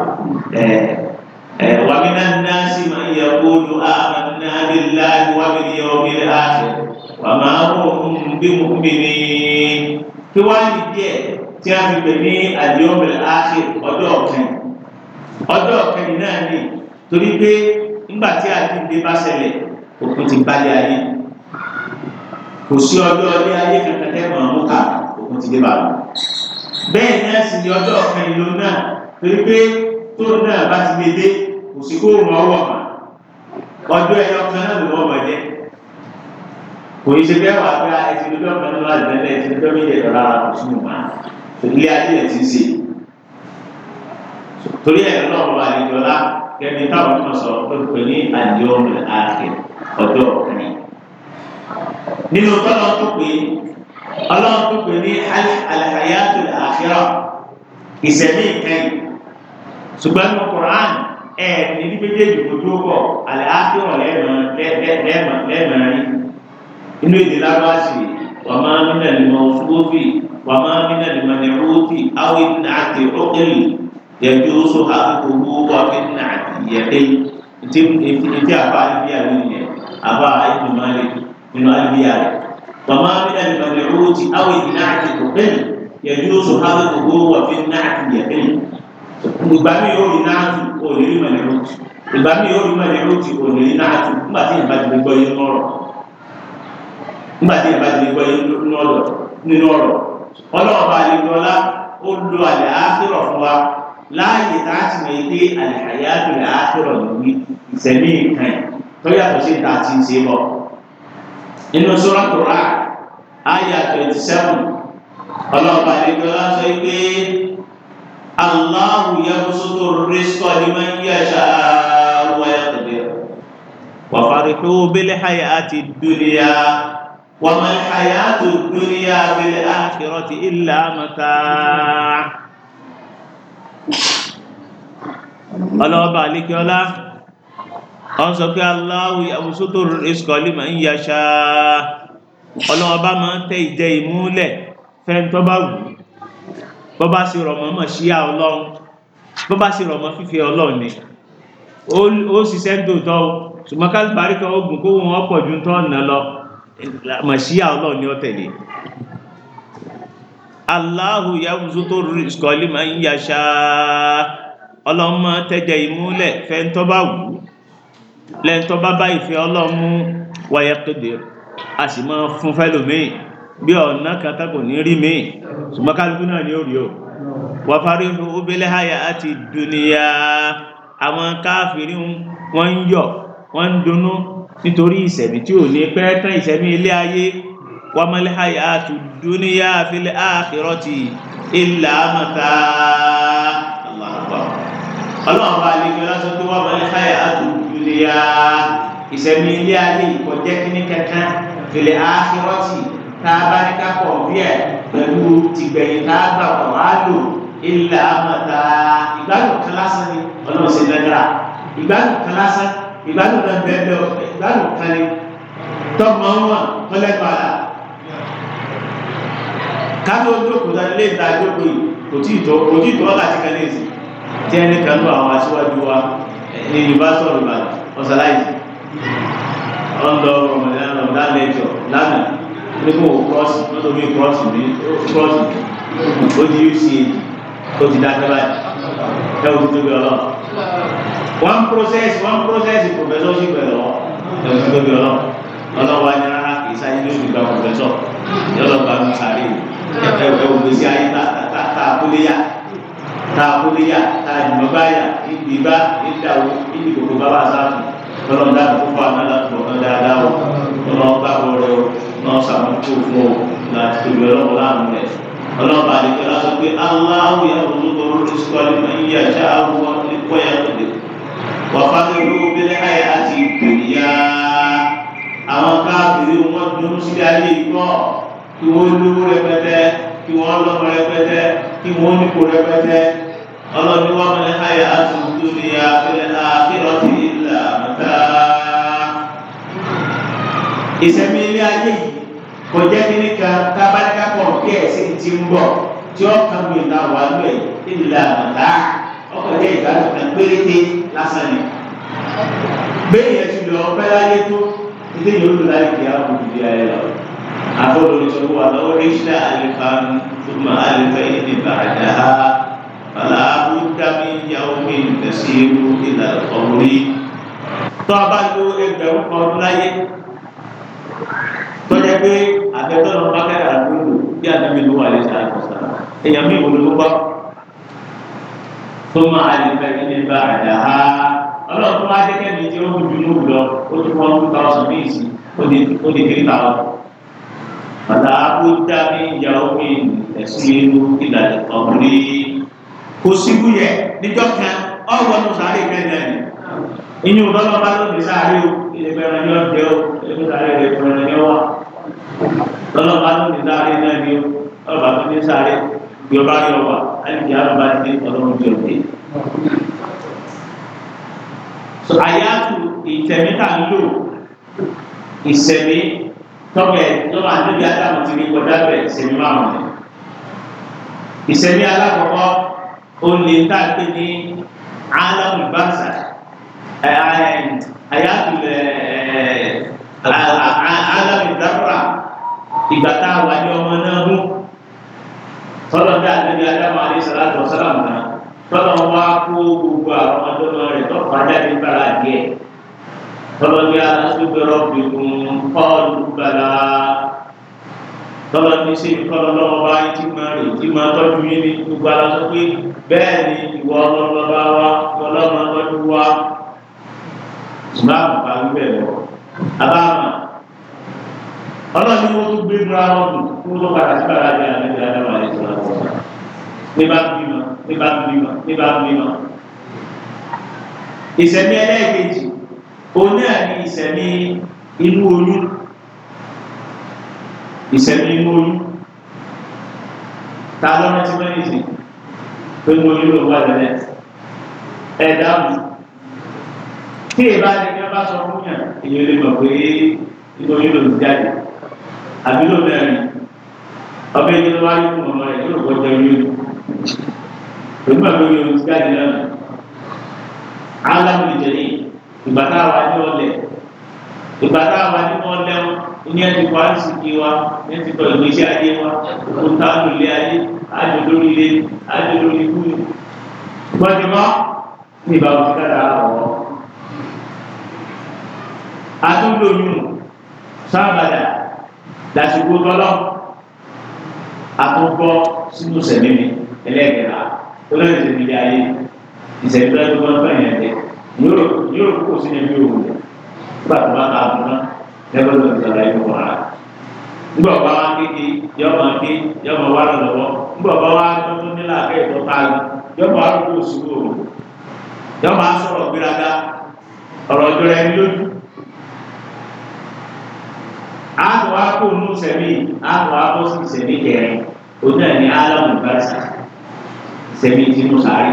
ẹ̀ wà mí náà náà sì máa ń yẹ kó lu àmàlà náà bí láàbí wà mí yẹ ọmọ ilé àṣẹ wà máa ń mú bí mo kú mi ní kí wá ní díẹ̀ tí a fi pè ní àdé ọmọ ilé àṣẹ ọjọ́ ọ̀kẹ́ni ọjọ́ ọ̀kẹ́ni náà ní torí pé ńgbà tí àdínde bá ṣẹlẹ̀ òkú ti bá yá yìí kò sí ọjọ́ ọdẹ ayé kankan tẹ́kọ̀ọ́ ọmọ ká òkun ti dé bá wọn. bẹ́ẹ̀ náà sì ni ọjọ́ ọ̀kan ìlú náà torí pé tó náà bá ti lè dé kò sí kó wọn wọ̀ mọ́ ọjọ́ ẹ̀yọ kan náà ló wọ́n mọ̀ jẹ́ kò ní ṣe bẹ́ẹ̀ wà pé ẹtì lójọ́ kan náà láti lẹ́lẹ́ ẹtì lójọ́ méjì ẹ̀rọ rárá kò sí mọ̀ ilé ayé ẹ̀ ti ṣe torí ẹ̀rọ náà wọ́n kẹ́mi táwọn ọmọ sọ̀rọ̀ pé pé ní nínú tọ́lọ́ tó pé ọlọ́run tó pé ní alàyàtò àfíà ìṣẹ̀lẹ̀ ìkẹyìn ṣùgbọ́n ní Qur'an ẹ̀ níbi méjèèjì kò tó bọ̀ àlàáfíà lẹ́ẹ̀mọ̀rin inú èdè lábáà sí wàmá nínà lèmọ̀ ọ̀ṣọ́gbọ́fì wàmá nínà lèmọ̀ nìrúti àwọn ìdìnnà àti ọ̀kẹ́lì yẹbi oṣù akókò wà fi nà àti yẹtẹ ètí àbá ibi àwọn ènìyàn àbá ìdùnnú alẹ́ yìí nínú àgbéyà rẹ̀. Bàmá Amídà ní Bàbá Ìrúwò ti áwọ̀ ìdí náà ti kò bẹ́ẹ̀ yẹjú oṣù hálà gbogbo wà fi náà ti yẹ bẹ́ẹ̀. Ìgbà mi yóò rí náà ti kò lè rí màlẹ́ rúti. Ìgbà mi yóò rí màlẹ́ rúti kò lè rí náà ti nígbà tí ìbá ti lè gbọ́ lo àlẹ́ àásírọ̀ fún wa láàyè tá a ti mọ̀ pé àlẹ́ àyájọ́ àásírọ̀ yìí ìsẹ̀mí ìkànnì tó yàtọ̀ sí ìta àti ìṣe bọ̀ inú sọ́ra kura àyà twenty seven ọlọ́ọ̀bà àdìgbọ́lá sọ pé aláwù yẹ kó sótò rísítọ̀ ní máa ń yí àṣà wáyà tẹ̀lé wàfàrí pé ó bẹ́lẹ̀ háyà àti dúnìyà wàmà háyà àti dúnìyà bẹ́lẹ̀ àkìrọ̀ ti ilà mọ́ta. ọlọ́ọ̀bà àdìgbọ́lá ọ sọ pé aláwọ àwùsọ́tò ìsọ̀lì máa ń yaṣá ọlọ́wọ́ bá máa ń tẹ ìjẹ ìmúlẹ̀ fẹ́ni tó bá wù bọ́ bá sì rọ̀mọ́ mọ̀ sí à ọlọ́run bọ́ bá sì rọ̀mọ́ fífẹ́ ọlọ́run ni ó ṣiṣẹ́ ń tòótọ́ o ṣùgbọ́n ká parí kan oògùn kó wọn ọ̀pọ̀ ju tó ọ̀nà lọ mọ̀ sí ọlọ́run ni ó tẹ̀lé aláwọ àwùsọ́tò ìsọ̀lì máa ń yaṣá ọlọ́run máa tẹ̀jẹ̀ lẹ́ńtọ́ bá bá ìfẹ́ ọlọ́run mú wáyé kéde a sì máa fún fẹ́lòmíì bí ọ̀nà kankan kò ní rí míì ṣùgbọ́n kálukú náà ni ó rí o wà fárí hu obìnrin háyà àti dùnìyà àwọn káfíìrì wọn ń yọ wọn ń dunnú nítorí ìṣẹ̀mí tí ò ní pẹ́ tán ìṣẹ̀mí ilé ayé wàmọ́lẹ́ háyà àti dùnìyà àfilẹ̀ àkìrọ̀tì ìlà àmọ́ta ọlọ́run ìsẹ̀mí ilé ayé ìkọjẹ́ kínní kankan fèlè ákírọ́tì tá a bá ní ká pọ̀ bí ẹ̀ pẹ̀lú tìgbẹ̀yìn tá a gbà wọ́n á lò ilẹ̀ amọ̀ta ìgbádùn kan lásán ni ọlọ́run ṣe lẹ́dàá ìgbádùn kan ìgbádùn náà bẹ́ẹ̀ bẹ́ẹ̀ ìgbádùn kan tọ́gbọ̀n wọn tọ́lẹ̀ padà kábí ojú òkúta ilé ìjókòó yìí kò tí ìtọ́ kò tí ìtọ́ láti kẹ́lẹ́ tí ẹnì kan lọ àwọn aṣíwájú wa ní yunifásitì ọ̀rùbá ọ̀sálàyìí ọlọ́dọ̀ rọmọdéyàn ọ̀dá lẹ́jọ̀ lánàá nígbà wò kírọ́ọ̀sì nítorí kírọ́ọ̀sì ó di uca ó ti dákẹ́ báyìí ẹ wò bí ọlọ́ one process one process professorship ẹ̀ lọ́wọ́ ẹ wò tó bí ọlọ́ ọlọ́wọ́ á nyára ìsáyé ló ti gba professor yọlọ́gba ló sáré ẹ ẹ wò gbèsè ayé tá tá tá àkúlé yá tá àkúlé yá tá àdìmọ́ báyà ìdìbá ìdàwó ìdìbò bàbá àsáàtù ọlọ́dà àkókò àtàlàkùn ọ̀dà aláwọ̀ ọlọ́ọ̀bá ọ̀rọ̀ náà sàmúkú fún ọ láti tóbi ọlọ́wọ́ láàmú rẹ̀ ọlọ́ọ̀bá àdìgbẹ́ láti pé aláwọ̀ yà wọ́n tó lórí sọ́ọ́lì máa ń yà já àwọn ẹ̀kọ́ yà tó dé wàfà tó lówó bẹ́lẹ́ ayé àti ìgbòyà àwọn káàkiri wọn dúró sí ayé ìgbọ́ kí wọ́n lówó rẹpẹtẹ kí wọ́n lọ́mọ rẹpẹtẹ ọlọ́ni wọn mọ̀ ní àyà àtúntò ní àfẹ́lẹ́ àfẹ́rọ́tì ìlà mọ́tà. ìsẹ̀mí ilé ayé kò jẹ́ kíní kan tábàdàkọ̀ kí ẹ̀sìn ti ń bọ̀ tí ó kàn mí ìta wà ìlà mọ́tà ọkọ̀ jẹ́ ìgbàlù kan péréte lásán ni. bẹ́ẹ̀ yẹn ti lọ ọpẹ́ láyé tó ilé yóò lò láyé kí á kú ìdí ayé lọ. àbọ̀lò ìṣòwò àlọ́ oríṣiríṣi àlefa tó máa àlefa ìdí bàdàá fàlà bùdàmí yàwùmí tẹ̀sí irú ìlà ọ̀rí tó a bá lo ẹgbẹ̀rún kan ọdún láyé tọ́jà pé àtẹ̀tọ́ lọ bá kẹ́kẹ́ àdúgbò bí àdàmì ló wà lẹ́sẹ̀ àkọsà èèyàn mi ò lówó bá tó máa lè fẹ́ ilé bá àdá ha ọlọ́run tó wá dẹ́kẹ́ mi tí ó ń dùn lọ ó tún wọ́n two thousand bíi sí ó di ó di three thousand. bàtà abúdá mi yàwó mi ẹ̀sìn irú ìlànà ọ̀gbìn kò síbú yẹ níjọ́ kan ọ̀wọ́ nù sáré kẹ́kẹ́ ni inú ọlọ́run bá lóde sáré o ìlẹ̀gbẹ̀rún yóò jẹ́ o ìlẹ̀gbẹ̀rún sáré ìlẹ̀gbẹ̀rún yóò wà ọlọ́run bá lóde sáré náà ni o ọlọ́run bá lóde sáré yọba yọba alìjẹ àlùbá ti ọlọ́run jẹ òde. àyàtú ìtẹ̀mí tà ń lò ìsẹ̀mí tọ́bẹ̀ tọ́bẹ̀ àdébí adáhùn ti rí kọjá bẹ̀ ìsẹ̀mí máa wọ̀nyẹ. ìsẹ̀mí alákọ̀ọ́ ó lè tá a pè ní alamubasa ayatollah alamudara ìgbà tá a wà ní ọmọ náà mú tọ́lọ̀ dá àdébí adáwọ̀ aláìsàlátọ̀ sálàmù náà tọ́lọ̀ wá kó gbogbo àwọn ọmọdé rẹ̀ tó fàájà ní bàrà tọ́lọ̀ bí aláṣọ bẹ̀rọ̀ kọ́ọ̀lù bàrà tọ́lá ní sí ìkọlọ lọ́wọ́ bá yín tí máa rìn tí máa tọ́jú yín ní gbogbo ara sọ pé bẹ́ẹ̀ ni ìwọ ọlọ́lọ́ba wa ọlọ́mọ tọ́jú wa ìmáàmù bá wí bẹ́ẹ̀ lọ abáàmà ọlọ́ọ̀ni wọ́n tún gbé nura wọn kù kó tó padà sí bàrà bí àmì ìlànà àdáwà àti ìtura wọn níbà bímọ níbà bímọ níbà bímọ. ìsẹ̀mí ẹlẹ́ẹ̀kejì òun náà ní ìsẹ̀mí inú oyún ìsẹ́mi inú oyún ta lọ́nà tí wọ́n yìí pé mo yí ló wà lẹ́lẹ̀ ẹ̀ dáhùn tí ìbá ni kí wọ́n bá sọ fún yàn èyí lè mọ̀ pé inú oyún ló ti jáde àbí ló mẹ́rin ọmọ ẹni ló wáyé fún ọmọ rẹ̀ yóò gbọ́dọ̀ yín pẹ̀lú àgbo yóò ti jáde lọ́nà aláwọ̀ ìjẹ̀lẹ̀ ìgbà táwa ní ọlẹ̀ ìgbà táwa ní ọlẹ́wọ̀n ní ẹni kọ́ àṣìkí wa ní ẹni kọ́ ìgbésí ayé wa kó tá a lòlẹ́ ayé àjò lórí ilé àjò lórí ikú gbọ́dọ̀mọ́ ní ìbámu ti dára ọ̀rọ̀. àtúndòyún sábàdà lásìkò tọ́lọ́ àtúnkọ́ sínú sẹ̀mí mi ẹlẹ́gbẹ̀rà tó lẹ́yìn sẹ̀mí ilé ayé ìsẹ̀mí tó lẹ́yìn tó lọ́n fẹ̀yìn ẹ̀dẹ̀ yóò kó sínú ẹ̀mí òwò bàtà bàtà àbúrò náà lẹ́gbẹ̀ẹ́ tó ń sara yìí wọ̀ á. Nígbà bá wá kéde yọ máa ké yọ máa wá lọ́wọ́. Nígbà bá wá tọ́tún nílà akẹ́kọ̀ọ́ ká lọ. Yọ máa rú kó sùn òru. Yọ máa sọ̀rọ̀ gbéraga. Ọ̀rọ̀ jọra ẹni lójú. Àtọ̀ wá kó nù sẹ́mi, àtọ̀ wá kó sì sẹ́mi kẹrin. Oní ẹ̀ ní Álámù ti mú sáré.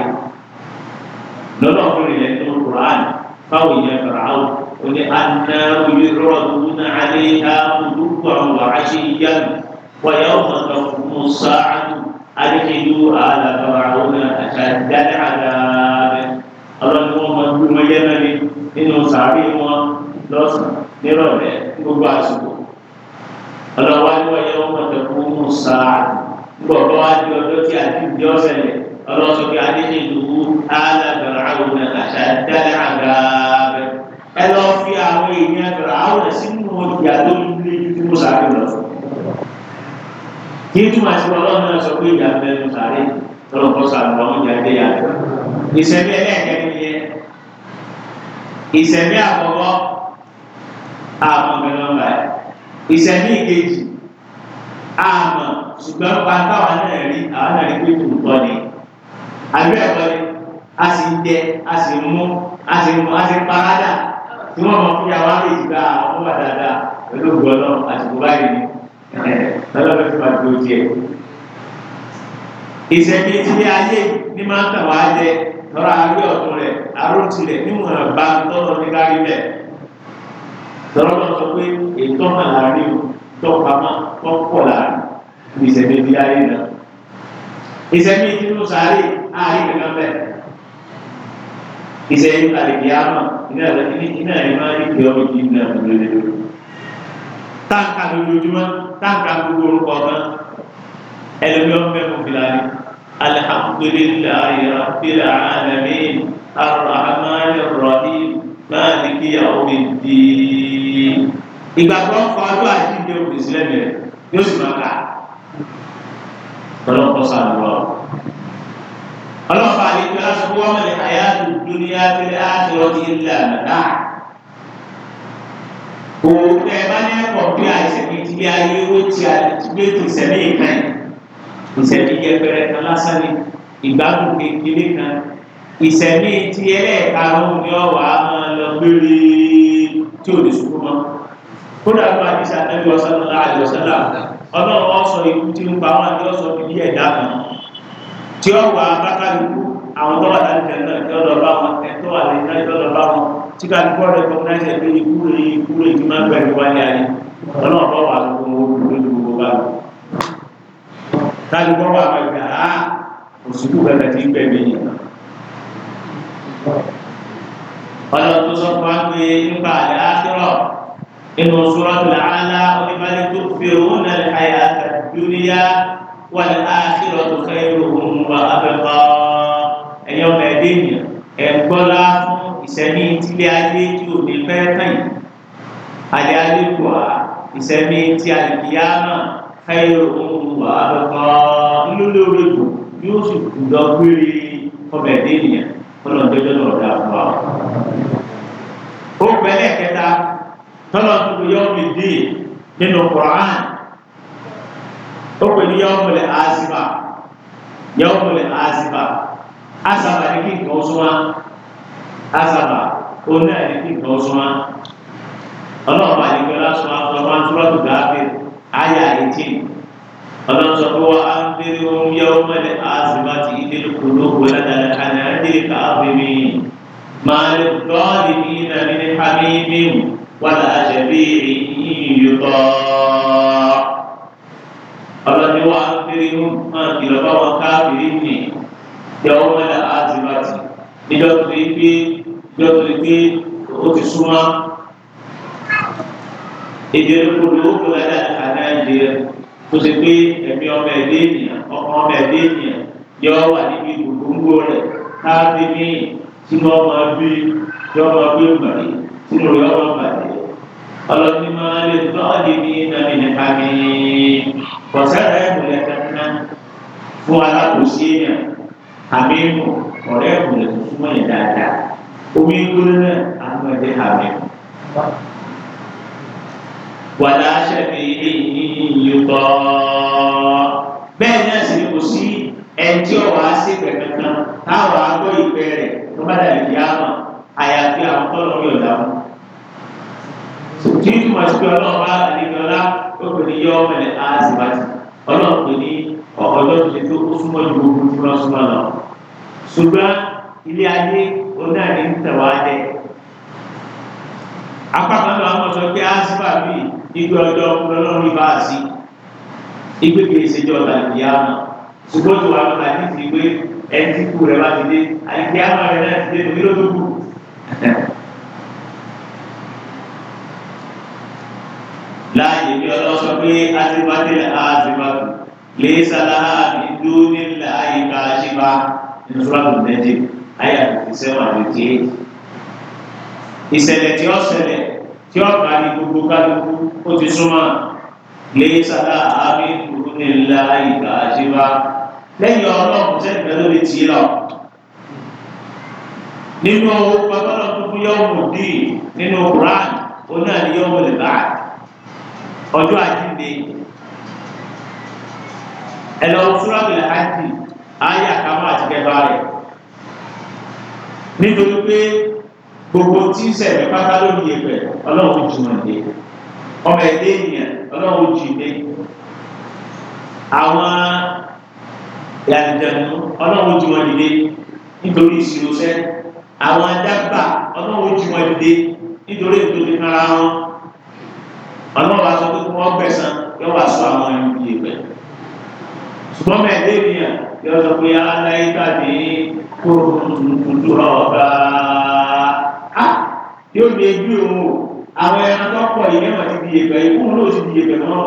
Lọ́dọ̀ fún ilẹ̀ tó ń kúrò àná. Fáwọn èèyàn kọ̀ọ̀ والنار يعرضون عليها غدوا وعشيا ويوم تقوم الساعة أدخلوا آل فرعون أشد العذاب اللهم ثم يمن إنه سعيد لوسع نرى نبعثه ọlọ́wájú ọyọ́ ọmọdékun mú sáà gbọ̀gbọ́ wájú ọjọ́ tí a ti di ọ̀sẹ̀ lẹ̀ ọlọ́sọ̀kẹ́ adéjìlú alágbára àwọn àṣà ẹ lọ fi àwọn èèyàn rà á rẹ̀ sínú ìyá tó ń lé ju tí mo sáré lọ. kí túmọ̀ sí ọlọ́run náà sọ pé ìyá bẹ́ẹ̀ mo sáré lọ́lọ́kọ́ sáré lọ́wọ́ ìyá dé yà tó. ìṣẹ̀lẹ̀ ẹlẹ́ẹ̀kẹ́rin yẹn ìṣẹ̀lẹ̀ àkọ́kọ́ àmọ́ mi ẹ̀ ìṣẹ̀lẹ̀ ìkejì àmọ́ ṣùgbọ́n pátá wà náà àwọn náà pé ni àbí ẹ̀kọ́ ni a sì ń jẹ a tí wọ́n mọ̀ fún yàrá méjì bá àwọn wà dáadáa pẹ̀lú ògùn ọlọ́run àsìkò báyìí lọ́lọ́fẹ́ fún àti ojú ẹ̀. ìṣẹ̀lẹ̀ ilé ayé ní máa ń tàn wá jẹ lọ́ra arí ọ̀tún rẹ̀ arótì rẹ̀ níwọ̀n bá tọ́lọ́ ní kárí rẹ̀ lọ́rọ́ náà sọ pé ètò hàn láàrin o tọ́pamọ́ tọ́pọ̀ láàrin ìṣẹ̀lẹ̀ ilé ayé náà ìṣẹ̀lẹ̀ ìdílé sáré àárín kankan bẹ́ẹ̀ ìṣẹ̀lẹ̀ àlèkè àmọ́ iná ẹ̀rọ iná ẹ̀ máa ń gbé ọmọ ìdí náà lórí lórí. táǹkà lójoojúmọ́ táǹkà gbogbo orúkọ kan ẹlẹ́mi ọ̀fẹ́ fún filani alihamudulilayi rabila alami arahamani rahim maliki yaomi dii. ìgbàgbọ́ fún adó àti ìdí òkè sílẹ̀ mẹ́rẹ̀ yóò sì máa kà. ọlọ́pàá sàlùwà ọlọ́run bá lè pẹ́ lásìkò wọn mẹ́lẹ̀ àyáàtò dúníyà tẹ́lẹ̀ àṣírọ́ ti ń là nàdá. òun tẹ bá ní ẹ̀kọ́ bí àìsèkì ti bí ayé ó ti gbé tó ìsẹ̀mí kan ìsẹ̀mí yẹpẹrẹ kan lásán ni ìgbádùn kékeré kan ìsẹ̀mí ti ẹlẹ́ẹ̀karùn-ún ni ọ̀wà máa lọ gbére tí ò lè sùkú mọ́. kódà bá a ti sàtẹ́wé ọ̀sán lọ́la àjọṣẹ́lá ọlọ́run ọ̀sọ̀ ikú ti ń pa wọn àti ọ̀sọ̀ bíbí ẹ̀dá kan tí ó wà abákàlùkù àwọn tó wà láti tẹ̀lé náà tí ó lọ bá wọn ẹ̀tọ́ wà lè ká ìtọ́ lọ bá wọn tí ká lùkọ́ rẹ̀ kọ́mínáṣí ẹ̀ pé ikú rẹ̀ ikú rẹ̀ ti máa ń gbẹ̀rù wáyé ayé ọlọ́run bá wà lóko wọn olùdó ju gbogbo bá lọ. tálùkọ́ wà máa gbà á òsìkú bẹ̀rẹ̀ ti gbẹ̀ mí yìí. ọlọ́run tó sọ fún wa pé nípa àlẹ́ àṣírọ̀ inú sọ́rọ́ tó làálá oníbàlẹ̀ tó fi òun náà gbọ́lá ìsẹ̀mí tílé ayé tí ò ní fẹ́ tẹ̀yìn adé alẹ́kùá ìsẹ̀mí tí alìkìyà náà fẹ́yẹ ohun wà lọ́kàn lólórí kù yóò sì kù lọ gbére ọbẹ̀ dénìyàn kọ́nà dọ́jọ́ náà dà fún wa. ó pẹ́lẹ́ kẹta tọ́lọ̀ tuntun yọ mi dé nínú Quran ó pè ní yọ́mùlẹ̀ azima yọ́mùlẹ̀ azima azaba ni kí nǹkan sún wa asaba oní àyíkí nǹkan súnmá ọlọ́run àyíkí lásán asọ́nmá túrọ́tù gáàbì ayé àyíkí ọlọ́run sọ pé wọ́n á ń délé ohun yẹ ọmọ ẹ̀ àzìmá ti ìdílé kòlóògbé ládàá àná ẹ̀dẹ́ káàbì mi máa lè dọ́ọ̀lì mi nàbí ní hàmí mímu wàlá àṣẹbí ìyíyọtọ̀ ọlọ́ni wọ́n á ń délé ohun máa kìlọ̀ báwọn káàbì rí mi yẹ ọmọ ẹ̀ àzìmá ti ìjọba ìgbé bí wọ́n ti gbé ó ti súnmọ́ èdè olóko ló kó ẹ̀dá àná ẹ̀dè rẹ̀ tó ṣe pé ẹ̀mí ọmọ ẹ̀dẹ́ ènìyàn ọmọ ọmọ ẹ̀dẹ́ ènìyàn yọ wà níbi gbogbo rẹ̀ káàdé ní sínú ọmọ bí yọ ọmọ bí màrí sínú rẹ̀ ọmọ màrí ọlọ́ni máa lè lọ́ọ̀dì ní nàmì nìkan ní kọ̀sẹ́rẹ́ ẹ̀mùlẹ̀ kankan fún alákòóso èèyàn àmì ìmọ̀ ọ̀rẹ́ ẹ̀mùlẹ̀ tó súnmọ́ yẹn dáadáa omi gbóná náà àwọn ẹ̀dẹ́ hà mí. wàlá aṣẹ́fẹ́ ilé yìí yìí kọ́ bẹ́ẹ̀ náà sì ni kò sí ẹtí ọ̀wá sí kankan táwọn agbọ́ ìpẹ́ rẹ̀ tó bá dàbí yá mọ̀ àyàfi àwọn tọ́lọ́ yóò dá wọn. kí n túmọ̀ sí pé ọlọ́run bá àdéjọ́lá ó pè ní yọ ọmọ ẹ̀ àásìbàtì ọlọ́run pè ní ọ̀pọ̀lọpọ̀ tó tó súnmọ́ ju tí wọ́n súnmọ́ lọ. ṣùgbọ́n ilé ayé oná ní tẹ̀wá jẹ. apákanlọ àwọn sọ pé asipa bíi igbe ọjọ́ lọ́lọ́run ibà sí igbe kìí ṣèjọ tàbíyá mọ́ ṣùgbọ́n tó wà lọ́la ní ti gbé ẹni tí kú rẹ̀ bá ti dé àyíké àwọn rẹ̀ náà ti dé lórí ló tó kù. láàyè bí ọlọ́sọ pé asipati asipatu lè sálá àbí dúró nílẹ̀ àyíká àṣìbá ní sọ́lá tó dẹ́jẹ́ àyà ìṣẹ́wọ̀n àdìjẹ́ ìṣẹ̀lẹ̀ tí ó ṣẹlẹ̀ tí ó bá ní gbogbo kálukú ó ti súnmọ́ lé sálá àmì ìkùrú nílá ìgbà àṣìbá lẹ́yìn ọlọ́run sẹ́gbẹ̀ẹ́ lórí tì í lọ. nínú pàtàkì tuntun yọ̀ọ̀mù díì nínú quran oní àdìyọ̀mù lè bá ọjọ́ àjíǹde ẹ̀ lọ́wọ́ súrọ́ọ̀lù àti àyà kàmú àti kẹfà rẹ̀ nítorí pé gbogbo tí ń ṣẹlẹ̀ pátá lórí ẹgbẹ́ ọlọ́run jù wọn dé ọmọ ẹ̀dẹ́ ènìyàn ọlọ́run jù dé àwọn ìyàjẹ̀nu ọlọ́run jù wọn dìde nítorí ìṣirò sẹ́ àwọn adágbà ọlọ́run jù wọn dìde nítorí ìtòlè ara wọn ọlọ́run aṣọ pé kí wọ́n gbẹ̀sán yóò wá sọ àwọn ẹni bíi ẹgbẹ́ ṣùgbọ́n mẹ́ẹ̀ẹ́dẹ́ ènìyàn yóò sọ pé aláìgbàdé kóńtù ọba a yóò di ebi o àwọn ẹran tó pọ̀ yìí mẹ́wàá ti di ìgbà yìí kóńtù ló ti di ìgbà mọ́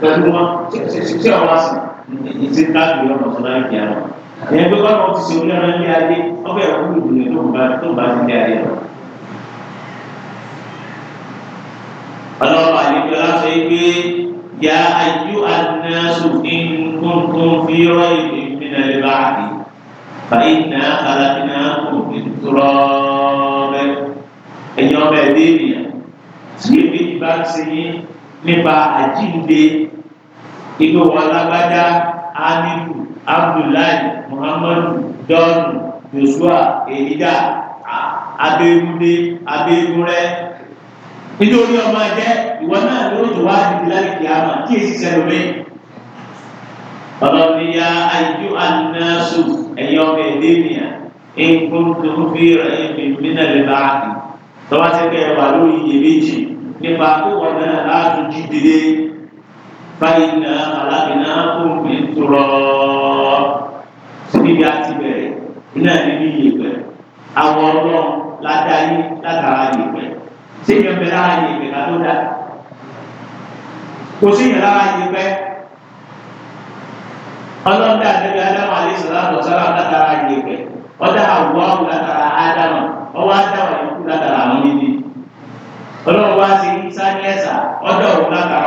pẹ̀lú wọn ṣíṣe ọ̀wá sí i ti bá ọmọ tó náà kí á lọ. ìyẹn pé báwọn ti ṣe orí ní adé ọbẹ̀ ẹ̀kọ́ ìdùnnú tó ń bá tó ń bá ti di adé lọ. ọlọ́pàá yìí fẹ́ láti gbé ya ayú anáṣù ní kóńtù fi rọ́ ìgbìmọ̀ ìbáàdì. فإنا خلقناكم من تراب ẹ̀yin ọmọ ẹ̀dá ènìyàn tí ebi bá ń ṣe yín nípa àjínde inú wọn lágbájá amiru abdullahi muhammadu dọ́nù joshua èyídà abéwúdé abéwúrẹ́ nítorí ọmọ ẹ̀jẹ̀ ìwọ náà ló ń jọ wá níbi láti kìá mà kí èsì sẹ́nu mi ọlọ́bíyá ayú anásù ẹ̀yọ́ ọmọ èdè nìyà nǹkan tó ń fi ẹ̀yìn mímínà lè bá a kì tọ́wọ́ ti kẹ́ ẹ wà lórí iyèméjì nípa àkókò náà láti jí dìde báyìí náà alábìnà òǹkè tọrọ síbi a ti bẹ̀rẹ̀ iná níbi ìyèpẹ̀ àwọn ọlọ́run ládàáyé látara ìyèpẹ̀ síbi ọ̀bẹ lára ìyèpẹ̀ kátó dá kò sí ìyẹn lára ìyèpẹ̀. ọlọ́dà níbi ádámù àdéṣọ́lá ọ̀sọ́lá látara ìgbèpẹ̀ ọ̀dà àwòrán látara ádámù ọwọ́ ádámù ìkú látara àwọn níbi. ọlọ́run wá sí sani ẹ̀sà ọ̀dà látara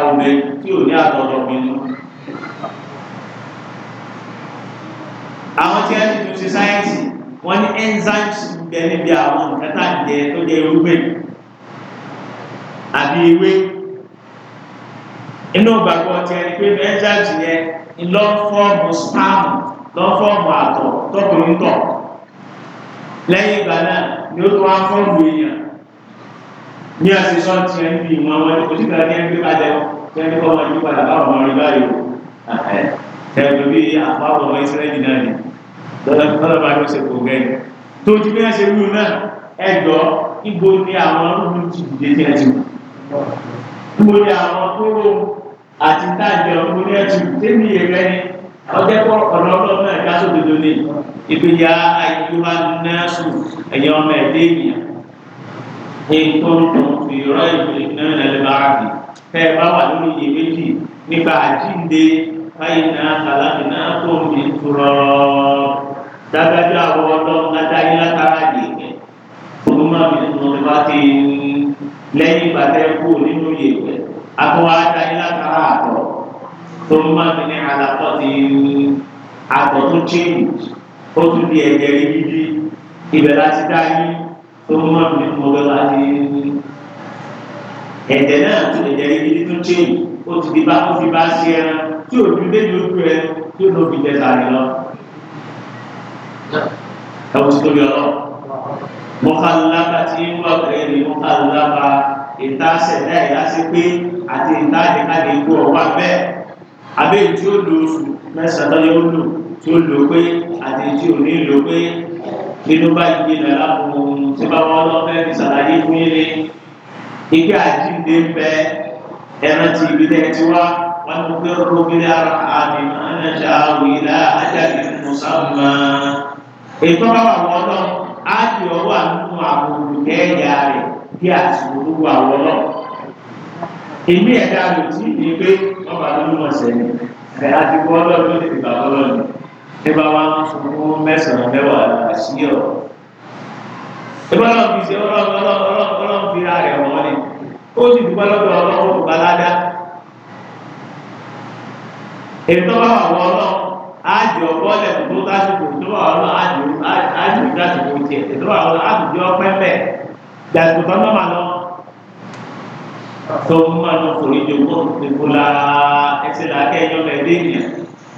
tí ò ní pinnu. àwọn tí ti tún ṣe sáyẹ́nsì wọ́n ní enzymes níbi àwọn jẹ tó jẹ àbí ewé inú ńlọ fọ́ọ̀mù spam lọ fọ́ọ̀mù àtọ̀ tọkùnrin tọ̀ lẹ́yìn ìgbà náà ni ó tó wá fọ́ọ̀mù èèyàn ní àṣìṣọ́ ti ẹ̀ ń bí ìwọ̀n wọn ní ojú kan ní ẹ̀ ń gbé padà ṣe ń kọ́ wọn yí padà báwọn ọmọ rí báyìí o ẹ̀rù bí àpapọ̀ ọmọ ìsírẹ́lì náà ni lọ́dọ̀ bá ló ṣe kò gẹ́gẹ́ tó ti bí wọ́n ṣe wú náà ẹ̀dọ́ ibo ni àwọn ọlọ́run ti dìde tí ẹ ti wù ibo ni àwọn kóró àti táàjọ múlẹ́tù tẹ́mi rẹ ni ọjọ́ pọ̀ ọ̀nà ọlọ́run náà ká sódodo ní ìgbéyà àyíkúwa nẹ́ẹ̀sù ẹ̀yẹ ọmọ ẹ̀dẹ́ ènìyàn ìkọ̀ǹtọ̀ ìrọ̀ ìpìlẹ̀ náà lẹ́lẹ́ bá rà tẹ́ ẹ bá wà lórí iye méjì nípa àjínde báyìí náà kàlámì náà tó ń bí turọ̀ dágbájú àwọn ọlọ́run ládáyé látara yèèkẹ́ olùmọ̀mí ló ti bá ti lẹ́yìn ìgbà tẹ́ kú nínú yèèkẹ́ Aku ada ila àtọ̀ tó ń bá mi ní Aku tu àtọ̀ tó chéyì ó tún di ẹ̀jẹ̀ rí bíbí ibẹ̀ láti dáyé tu ń bá mi mú ọgbẹ́ di ẹ̀jẹ̀ di bá ó ti bá sí ẹran tí òbí méjì ó gbé ẹ tí ó lóbi jẹ sàrí lọ. ẹ̀wọ̀n ìta ṣẹ̀dá ẹ̀yà sí pé àti ìta àdìkadì ikú ọ̀wá bẹ́ẹ̀ abẹ́ tí ó lo oṣù mẹ́sàn-án yóò lò tí ó lò pé àti tí ò ní lò pé nínú bá yí lọ láwọn ohun tí bá wọn lọ fẹ́ fi ṣàlàyé fún yín ni ike àjíǹde ń bẹ ẹran ti ibi tẹ́ ti wá wọn ní pé ọkọ bí ara àmì máa ń ṣe àwìlá ajáde mùsàmùmá ètò bá wà wọn lọ á di ọwọ́ àánú àwọn olùkẹ́ rẹ̀ bí àsìkò tó wà wọ́n náà ẹ̀dá lò tí ì ní pé wọ́n bá lọ́nà wọn sẹ́yìn ẹ̀ kọ́ ọlọ́run ló ti gbà ọlọ́run ní bá wa fún mẹ́sàn-án mẹ́wàá àṣìyọ̀ ìbálòpọ̀ fi ṣe ọlọ́run fi ra rẹ̀ wọ́n ni ó sì dúpẹ́ lọ́dọ̀ ọlọ́run kò bá ládá ètò bá wà wọ́n náà ájò bọ́lẹ̀ tó tó wà wọ́n náà ájò ájò tásìkò tiẹ̀ ètò bá wà Jàdùkú tó ń bá máa lọ. Tó ń máa lọ sórí ìjòkó ìdìbò la ẹsẹ̀ làákẹ́ ẹ̀yọ́ bẹ̀ dé ènìyàn.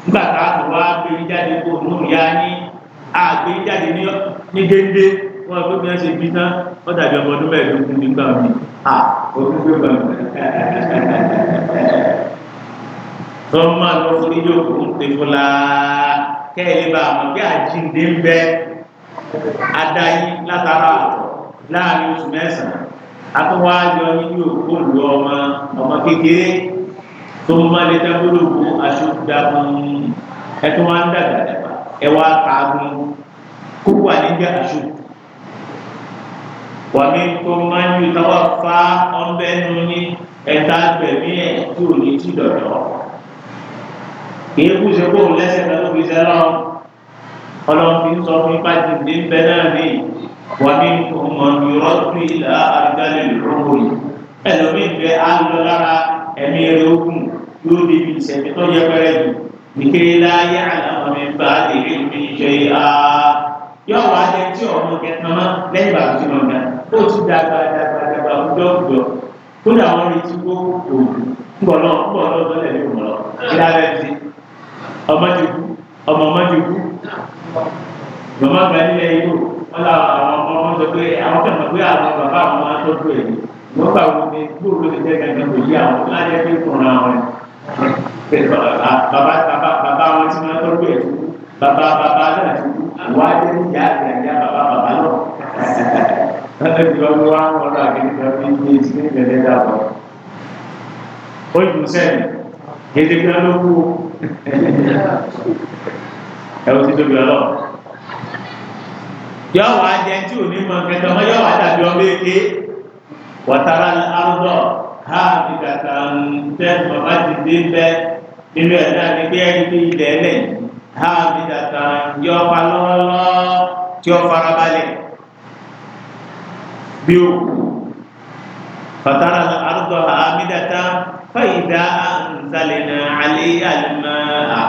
Nígbà tá a tó wá gbé jáde kó nù ya ní àgbé jáde ní géńdé. Wọ́n rẹ̀ pé bí wọ́n ṣe bí tán, wọ́n dàbí ọmọ ọdún mẹ́ẹ̀ẹ́dógún nígbà mi. À ọdún gbé bá mi. Tó ń máa lọ sórí ìjòkó ìdìbò la kẹ́ ẹ̀ lè bí àjíǹde ń bẹ adáyí látara àtọ̀ láàrin oṣù mẹ́sàn-án akọ́wá yọ nínú òkúlù ọmọ ọmọ kékeré tó ń máa lé dábòlòpọ̀ aṣọ́dàgùn ẹtọ́ wa ń dàgbà dàgbà ẹ wá kaagun kókó àníjà aṣọ wàmí tó máa ń yọ táwa fa ọbẹ̀ nù ní ẹ̀ta gbẹ̀mí ẹ̀ tí ò ní ti dọ̀dọ̀ kìí ṣe kó lẹ́sẹ̀ kan fi ṣe ọlọ́run fi ń sọ fún ipá ti dé ń bẹ náà nìyí. ومنكم من يرد إلى أرجل العمر ẹlòmíín bẹ alọ lára ẹ̀mí rẹ̀ ogun yóò di ibi ìṣẹ̀mí tó yẹ pẹrẹ jù nìkéré láyé àlàmọmí bá lèmi mi ṣe á yóò wá jẹ tí ọmọ kẹtàmá lẹ́yìn bàbá tí wọn gbà ó ti dàgbà dàgbà dàgbà ọjọ́ ọjọ́ tó dà wọn retí kó òògùn ńbọlọ ńbọlọ lọlẹ ní òmùlọ ìlà rẹ ti ọmọ ti kú ọmọ ọmọ ti kú màmá gba nílẹ̀ yìí o wọ́n lọ àwọn ọmọ wọn sọ pé àwọn kẹ̀mọ̀ pé àwọn bàbá àwọn máa ń tọ́jú ẹ̀ wọ́n gbà wọ́n ní gbòòrò lè jẹ́ gẹ́gẹ́ kò yí àwọn láyé pé kùnà wọn bàbá bàbá wọn ti máa tọ́jú ẹ̀ bàbá bàbá náà wọ́n á dé ní ìyá àgbà bàbá bàbá náà lọ́dọ̀ ìjọba wọn wọn lọ àgbẹ̀dẹ̀ bí iye tí ní ìgbẹ̀dẹ̀ dàbọ̀ ó yùn sẹ́yìn gẹ́gẹ́ bí wọn ló kú ẹ̀wọ̀n ti tóbi ọlọ́run yọ wà á jẹ tí ò ní mọ kẹtọ mọ yọ wà dàbí ọmọ èké wọtara arúgbó ha ti kàkà ń tẹ bàbá ti dé bẹ nínú ẹ náà ní pé ẹni bí ilẹ̀ ha ti kàkà yọ pa lọ́wọ́lọ́wọ́ tí ó farabalẹ̀ bí o wọtara arúgbó ha mi dàtà fàyídà àǹsàlẹ̀nà àlẹ́ àlùmọ́ à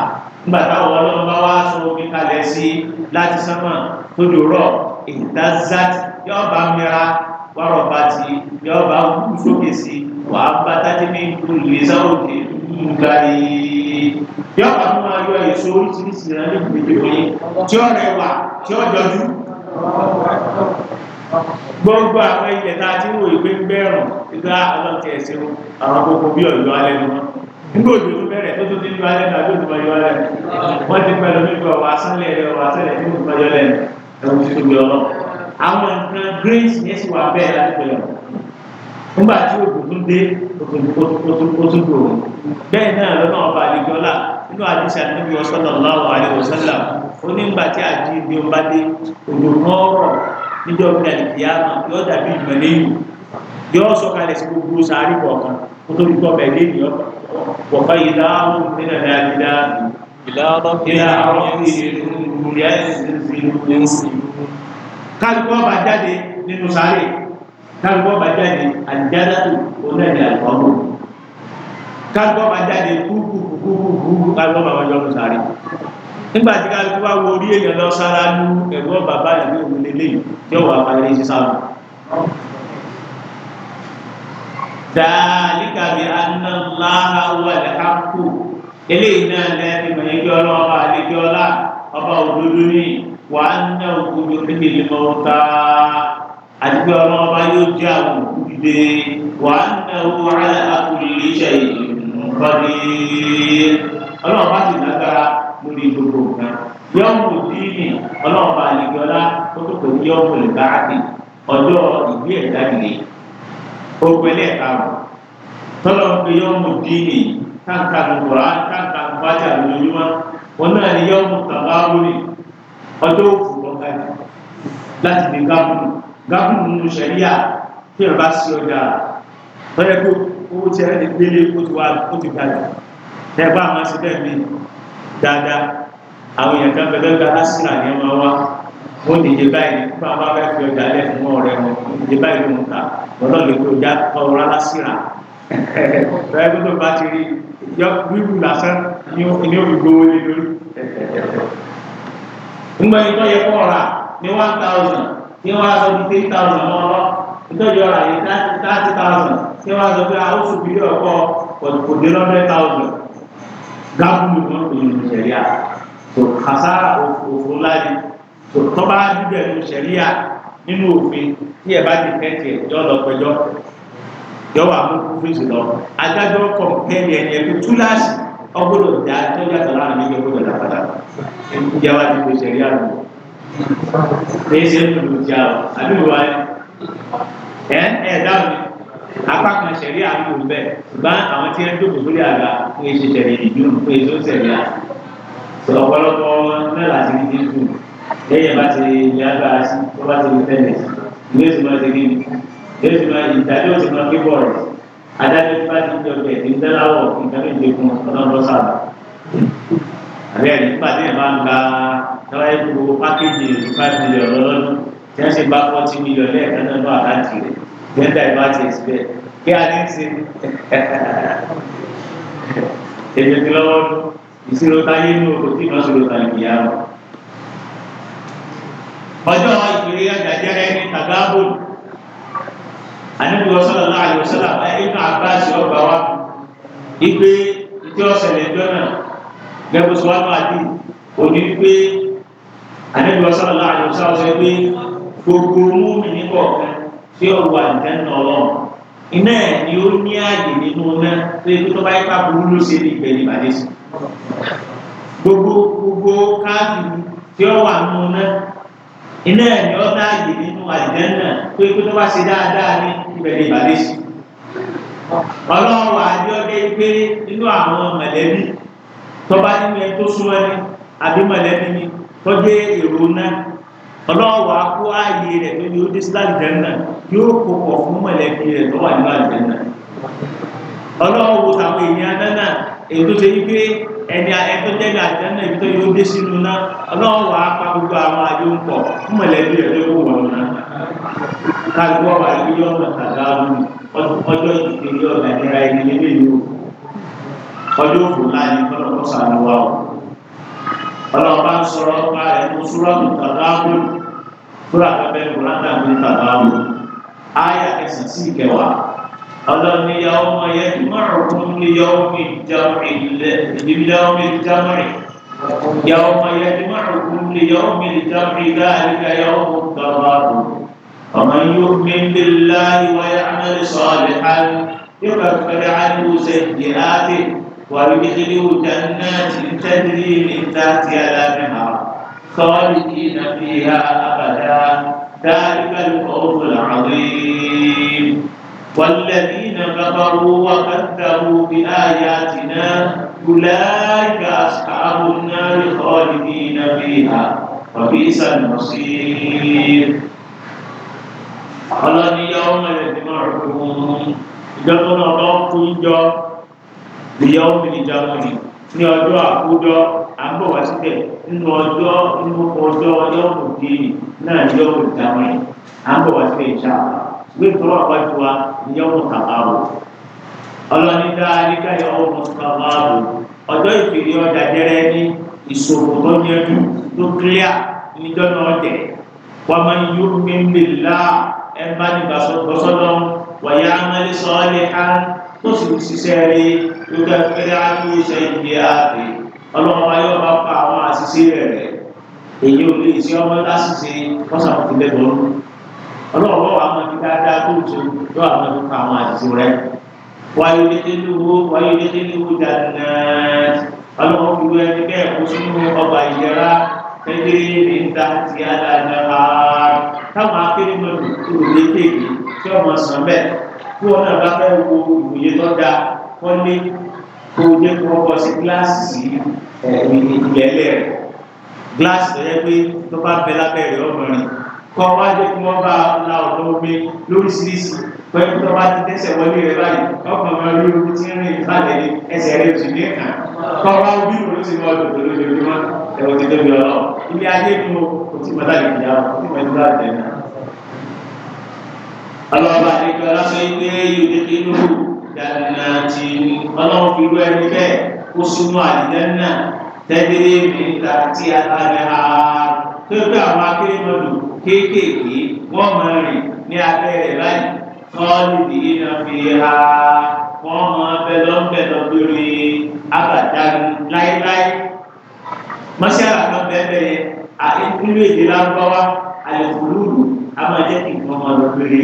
ń gbàtà wọlé wọn sọ omi kalẹ̀ sí láti sánmà tójú rọ̀ ìdázát yọ bá mìíràn wárọ̀ bá ti yọ bá wù sókè sí wàá bá tájí ní olùlé sáwòkè nùgbàdì yọ bá mú ayọ èso oríṣiríṣi rẹ ní ìgbèjọ yìí tí ó rẹwà tí ó jọjú gbogbo àwọn ilẹ̀ tá a ti wò ìgbé gbẹ̀rùn ìgbà ọlọ́tẹ̀ ẹ̀sìn àwọn gbogbo bí ọ̀yọ́ alẹ́ ni wọ́n nígbà òjò tó bẹ̀rẹ̀ tó tó ti yọ alẹ́ ní àbí òtún bá yọ alẹ́ wọ́n ti pẹ̀lú nígbà wàásánlẹ̀ wàásánlẹ̀ tí ti bá yọ alẹ́ ni lọ́wọ́ tó tóbi ọlọ́ àwọn nǹkan grace yẹn sì wà bẹ́ẹ̀ láti pẹ̀lẹ́ wọn nígbà tí òkùnkùn dé òtútù òun bẹ́ẹ̀ náà lọ́nà ọba àdìgbọ́lá nínú àdìsí àdìgbò sallallahu alaihi wasallam ó ní nígbà tí àdìgbò bá dé òjòkàn ọ̀rọ̀ níjọ́ bí àdìgbìyàmà yóò dàbí ìmọ̀lẹ́ ìlú yóò sọ̀kalẹ̀ sí gbogbo sàárì kọ̀ọ̀kan kó tó dùkọ̀ bẹ̀ẹ́ lé ìyọ́ wọ̀fà yìí dáhùn nínú àdìgbà kálukọ́ bá jáde nínú sáré kálukọ́ bá jáde àjálàtò onílẹ̀ àkọ́mù kálukọ́ bá jáde kúkúkúkúkú kálukọ́ bá wájú ọdún sáré nígbà tí kálukọ́ bá wo orí èèyàn lọ sára ní ẹ̀gbọ́n bàbá ìlú òun lélẹ́yìn tí ó wà parí sísá lọ. dáa nígbà eléyìí náà lẹ́yìn ìmọ̀ ẹjọ́ ọlọ́ọ̀bá àlejò ọlá ọba òdodo ní wà á ná òkúdó kékeré mọ́ta àdúgbò ọlọ́ọ̀bá yóò jẹ́ àwọn òkúdé wà á ná owó ara àkùnrin iṣẹ́ ìmọ̀kọ́dé ọlọ́ọ̀bá sì lágbára lórí gbogbo nǹkan yọ̀ọ̀mù dínì ọlọ́ọ̀bá àlejò ọlá tó tó kò yọ̀ọ̀mù lè bá àdé ọjọ́ ìgbé ẹ̀dá nìyẹn ó pẹ́lẹ́ ẹ̀ka tọ́lọ́ táǹkà kòkòrò táǹkà kòkòrò lójúmọ́ wọn náà ni yọ ọmọ kàwá wọlé ọjọ́ òfò lọ́ka yìí láti di gábùnù gábùnù nínú sẹ̀ríyà tí ìrọ̀bá sí ọjà lọ́yẹ kó owó tí ẹ gbélé kó ti wá kó ti gbàgbé ẹgbẹ́ àwọn ẹsẹ̀ bẹ́ẹ̀ mi dáadáa àwọn èèyàn kan bẹ̀rẹ̀ gba lásìrà ní ọmọ wa wọ́n ti dé báyìí nípa bá bá fi ọjà lẹ̀ fún ọ̀rẹ́ wọn wọ́n ti dé báyìí ló ń ta ọlọ́ọ̀lẹ́ tó já ọ̀rọ̀ lásìrà ẹ̀ẹ́dẹ́gbẹ́ tó bá ti rí wíwú lásán ní òbí gbowó lé lórí. Nígbà yìí tó yẹ kó ọ̀ra ní one thousand ní wọ́n á ní three thousand lọ́wọ́ nítorí ọ̀ra yìí thirty thousand tí wọ́n á pé àwọn bíi ọ̀pọ̀ kò dé lọ́dẹ̀ thousand. Gáàbù ló ń pè ní ìṣẹ̀lẹ̀ à. Kàsára òfò láyé tọ́ba bíbẹ̀ ní ìṣẹ̀lẹ̀ à nínú òfin tí ẹ̀ bá ti fẹ́ jọ́ lọ pẹjọ́ yọwọ àkókò fíìsì lọ adájọ́ kọmpẹni ẹni ẹni túláàsì ọgbọdọ dá tọjú àtàlà àmì yẹ gbọ́dọ̀ dàpadà ìjàwá ti pèsè rí àbò pèsè ńlùmí jà ọ àbíwò wa ẹ ẹ dáhùn ní apá kan sẹ̀rí àbíwò bẹ́ẹ̀ ṣùgbọ́n àwọn tí wọ́n dókòó sórí àga fún èsì sẹ̀rí ìdíjú fún èsì sẹ̀rí à ọ̀pọ̀lọpọ̀ mẹ́la ti di dídùn lẹ́yìn bá ti yàgbá sí tó bá ti di tẹ́lẹ̀ ìwé bá ti di dídùn yóò ti máa ìdájọ́ ti máa kébọ̀ rẹ̀ adájọ́ ti bá ti jọ bẹ̀ ní dẹ́láwọ̀ nǹkan ló ń ṣe fún ọlọ́run sábà. àbí ẹ̀rí nígbà tí ẹ̀ máa ń gba tọ́láyé gbogbo pákéjì five million lọ́lọ́dún tí wọ́n sì bá forty million lẹ́ẹ̀kan náà lọ́wọ́ àkáǹtì rẹ̀ gẹ́gẹ́ bá ìbá ti ẹ̀sìn bẹ́ẹ̀ kí a ní ṣe èdè ọjọ́ ìpínlẹ̀ àjàjẹ́rẹ́ ní tàgábòlù anabi wa sallallahu alayhi wa sallam ẹ ibn abbas ọba wa ipe ìjọ ọsẹlẹ ìjọ náà gẹgbẹ sọ wàá di òní pé anabi wa sallallahu alayhi wa sallam sọ pé gbogbo múmi ní kọ̀ọ̀kan tí ó wà nǹkan náà lọ́wọ́ iná ẹ̀ ni ó ní ààyè nínú náà pé tó bá yípa burú ló ṣe ní ìgbẹ́ ìbàdí sí gbogbo gbogbo káàdì tí nínú àdìjẹ́nà pé kó tó bá ṣe dáadáa ní ìbẹ̀rẹ̀ ìbàdí sí. ọlọ́run àjọyọ̀ gbé nínú àwọn mọ̀lẹ́bí tó bá nínú ẹni tó súnmọ́ ni àbí mọ̀lẹ́bí ni tó jẹ́ èrò náà ọlọ́run àkó ààyè rẹ̀ tó ní ó dé sí àdìjẹ́nà yóò kó pọ̀ fún mọ̀lẹ́bí rẹ̀ tó wà nínú àdìjẹ́nà ọlọ́run wo tàwọn èèyàn náà èyí tó ṣe yí ẹni ẹtọ́ jẹ́ni àjẹ́nà ibi tó yóò dé sínú náà ọlọ́run wàá pa gbogbo àwọn àjò ń pọ̀ fún mọ̀lẹ́bí rẹ̀ ló wọ̀ ọ̀nà kájú ọ̀wà yìí yọ̀ ọ̀nà kàdá ọjọ́ ìdílé ọ̀nà ìra ẹni lé lẹ́yìn o ọjọ́ òfò láàyè kọ́nà kọ́ sàánú wa o ọlọ́run bá ń sọ̀rọ̀ nípa ẹ̀kú súrọ́ọ̀nù kàdá ọ̀nà fúra kẹfẹ́ kùráńdà ní kàdá ọ̀nà áyà ẹ̀sìn sí ìkẹwàá أذن يوم يجمعكم ليوم الجمع ليوم الجمع يوم يجمعكم ليوم الجمع ذلك يوم التراب فمن يؤمن بالله ويعمل صالحا يكفر عنه سيئاته ويدخله جنات تجري من تحتها الانهار خالدين فيها ابدا ذلك الخوف العظيم والذين كفروا وكذبوا بآياتنا أولئك أصحاب النار خالدين فيها وبئس المصير قال يوم يجمعكم ìjọba náà lọ kú ìjọ ìyá obìnrin ìjọba ni ní ọjọ́ àkójọ àgbọ̀wá síbẹ̀ nínú ọjọ́ nínú ọjọ́ ọjọ́ òkè náà yóò dáwọn àgbọ̀wá síbẹ̀ ìṣàkóso. wíńtọ́rọ̀ àbájúwa ìyẹ́wò tàbáwò ọlọ́ni dáadéka ìyẹ́wò tàbáwò ọjọ́ ìfìdí ọjà jẹ́rẹ́ ní ìṣòro tó yẹjú tó kílíà níjọ́ náà jẹ́ wàmọ̀ yóò fi ń bè lá ẹ bá ní gbàsọ́dọ̀ wàyà amẹ́lẹ́ sọ́ọ́lẹ̀ á tó sì ń ṣiṣẹ́ rí lókè fẹ́rẹ́ ájú iṣẹ́ ìdí ààbẹ̀ ọlọ́run ayé ọba pa àwọn àṣìṣe rẹ̀ èyí ò lè ṣe ọmọ láṣìṣe kọ́sàmùtì lẹ́gbọ̀n ọlọ́wọ́ wa máa fi dáadáa tó tó yọ àwọn tó ka àwọn àṣìṣe rẹ wáyé dédéluwo wáyé dédéluwo dáná ọlọ́wọ́ fi wé ẹni bẹ́ẹ̀ kó sínú ọgbà ìjẹra pẹ́ẹ́dé ní ta ti alága táwọn akéde mọ́tò tó lé kéèké tí ọmọ sàn bẹ́ẹ̀ kí wọn náà bá fẹ́ wo ìwòye tó da wọ́n lé kó o jẹ́ kó o bọ̀ sí gíláàsì ìgbẹ́lẹ̀ rẹ̀ gíláàsì tó yẹ pé tó bá bẹ lábẹ́ rẹ̀ ọmọ rẹ̀ kọ́ wá jẹ́ kí wọ́n bá la ọ̀dọ́ gbé lóríṣiríṣi pẹ̀lú tó bá ti dẹ́sẹ̀ wọlé rẹ báyìí ọkàn máa rí orí tí ń rìn ìbàdàn ní ẹsẹ̀ rẹ jù ní ẹ̀ka kọ́ wá bí òun ló ti mọ ọdún pẹ̀lú ojoojúmọ́ ẹ̀wọ̀n ti tóbi ọlọ́ ilé ayé nu òtí mọ́tà lè fìyà òtí mọ́ ẹ̀dúrà tẹ̀lé. ọlọ́ọ̀bà àdéjọ aláṣọ ìgbé yòókè inú dàdànà ti ọlọ́run fi rú ẹni bẹ́ẹ̀ kó súnmọ́ àdìdẹ́nà tẹ́gbẹ́rẹ́ kéékèèké wọ́n máa rìn ní abẹ́rẹ́ báyìí kọ́ọ̀lù dìde náà fi ha wọ́n máa bẹ́lọ́bẹ́lọ́ lórí abàdáni láéláé. mọ́ṣálà kan bẹ́ẹ̀ bẹ́ẹ̀ àti nílò èdè lárúbáwá àlẹ́kùlùlù a máa jẹ́ kí nǹkan máa lọ lórí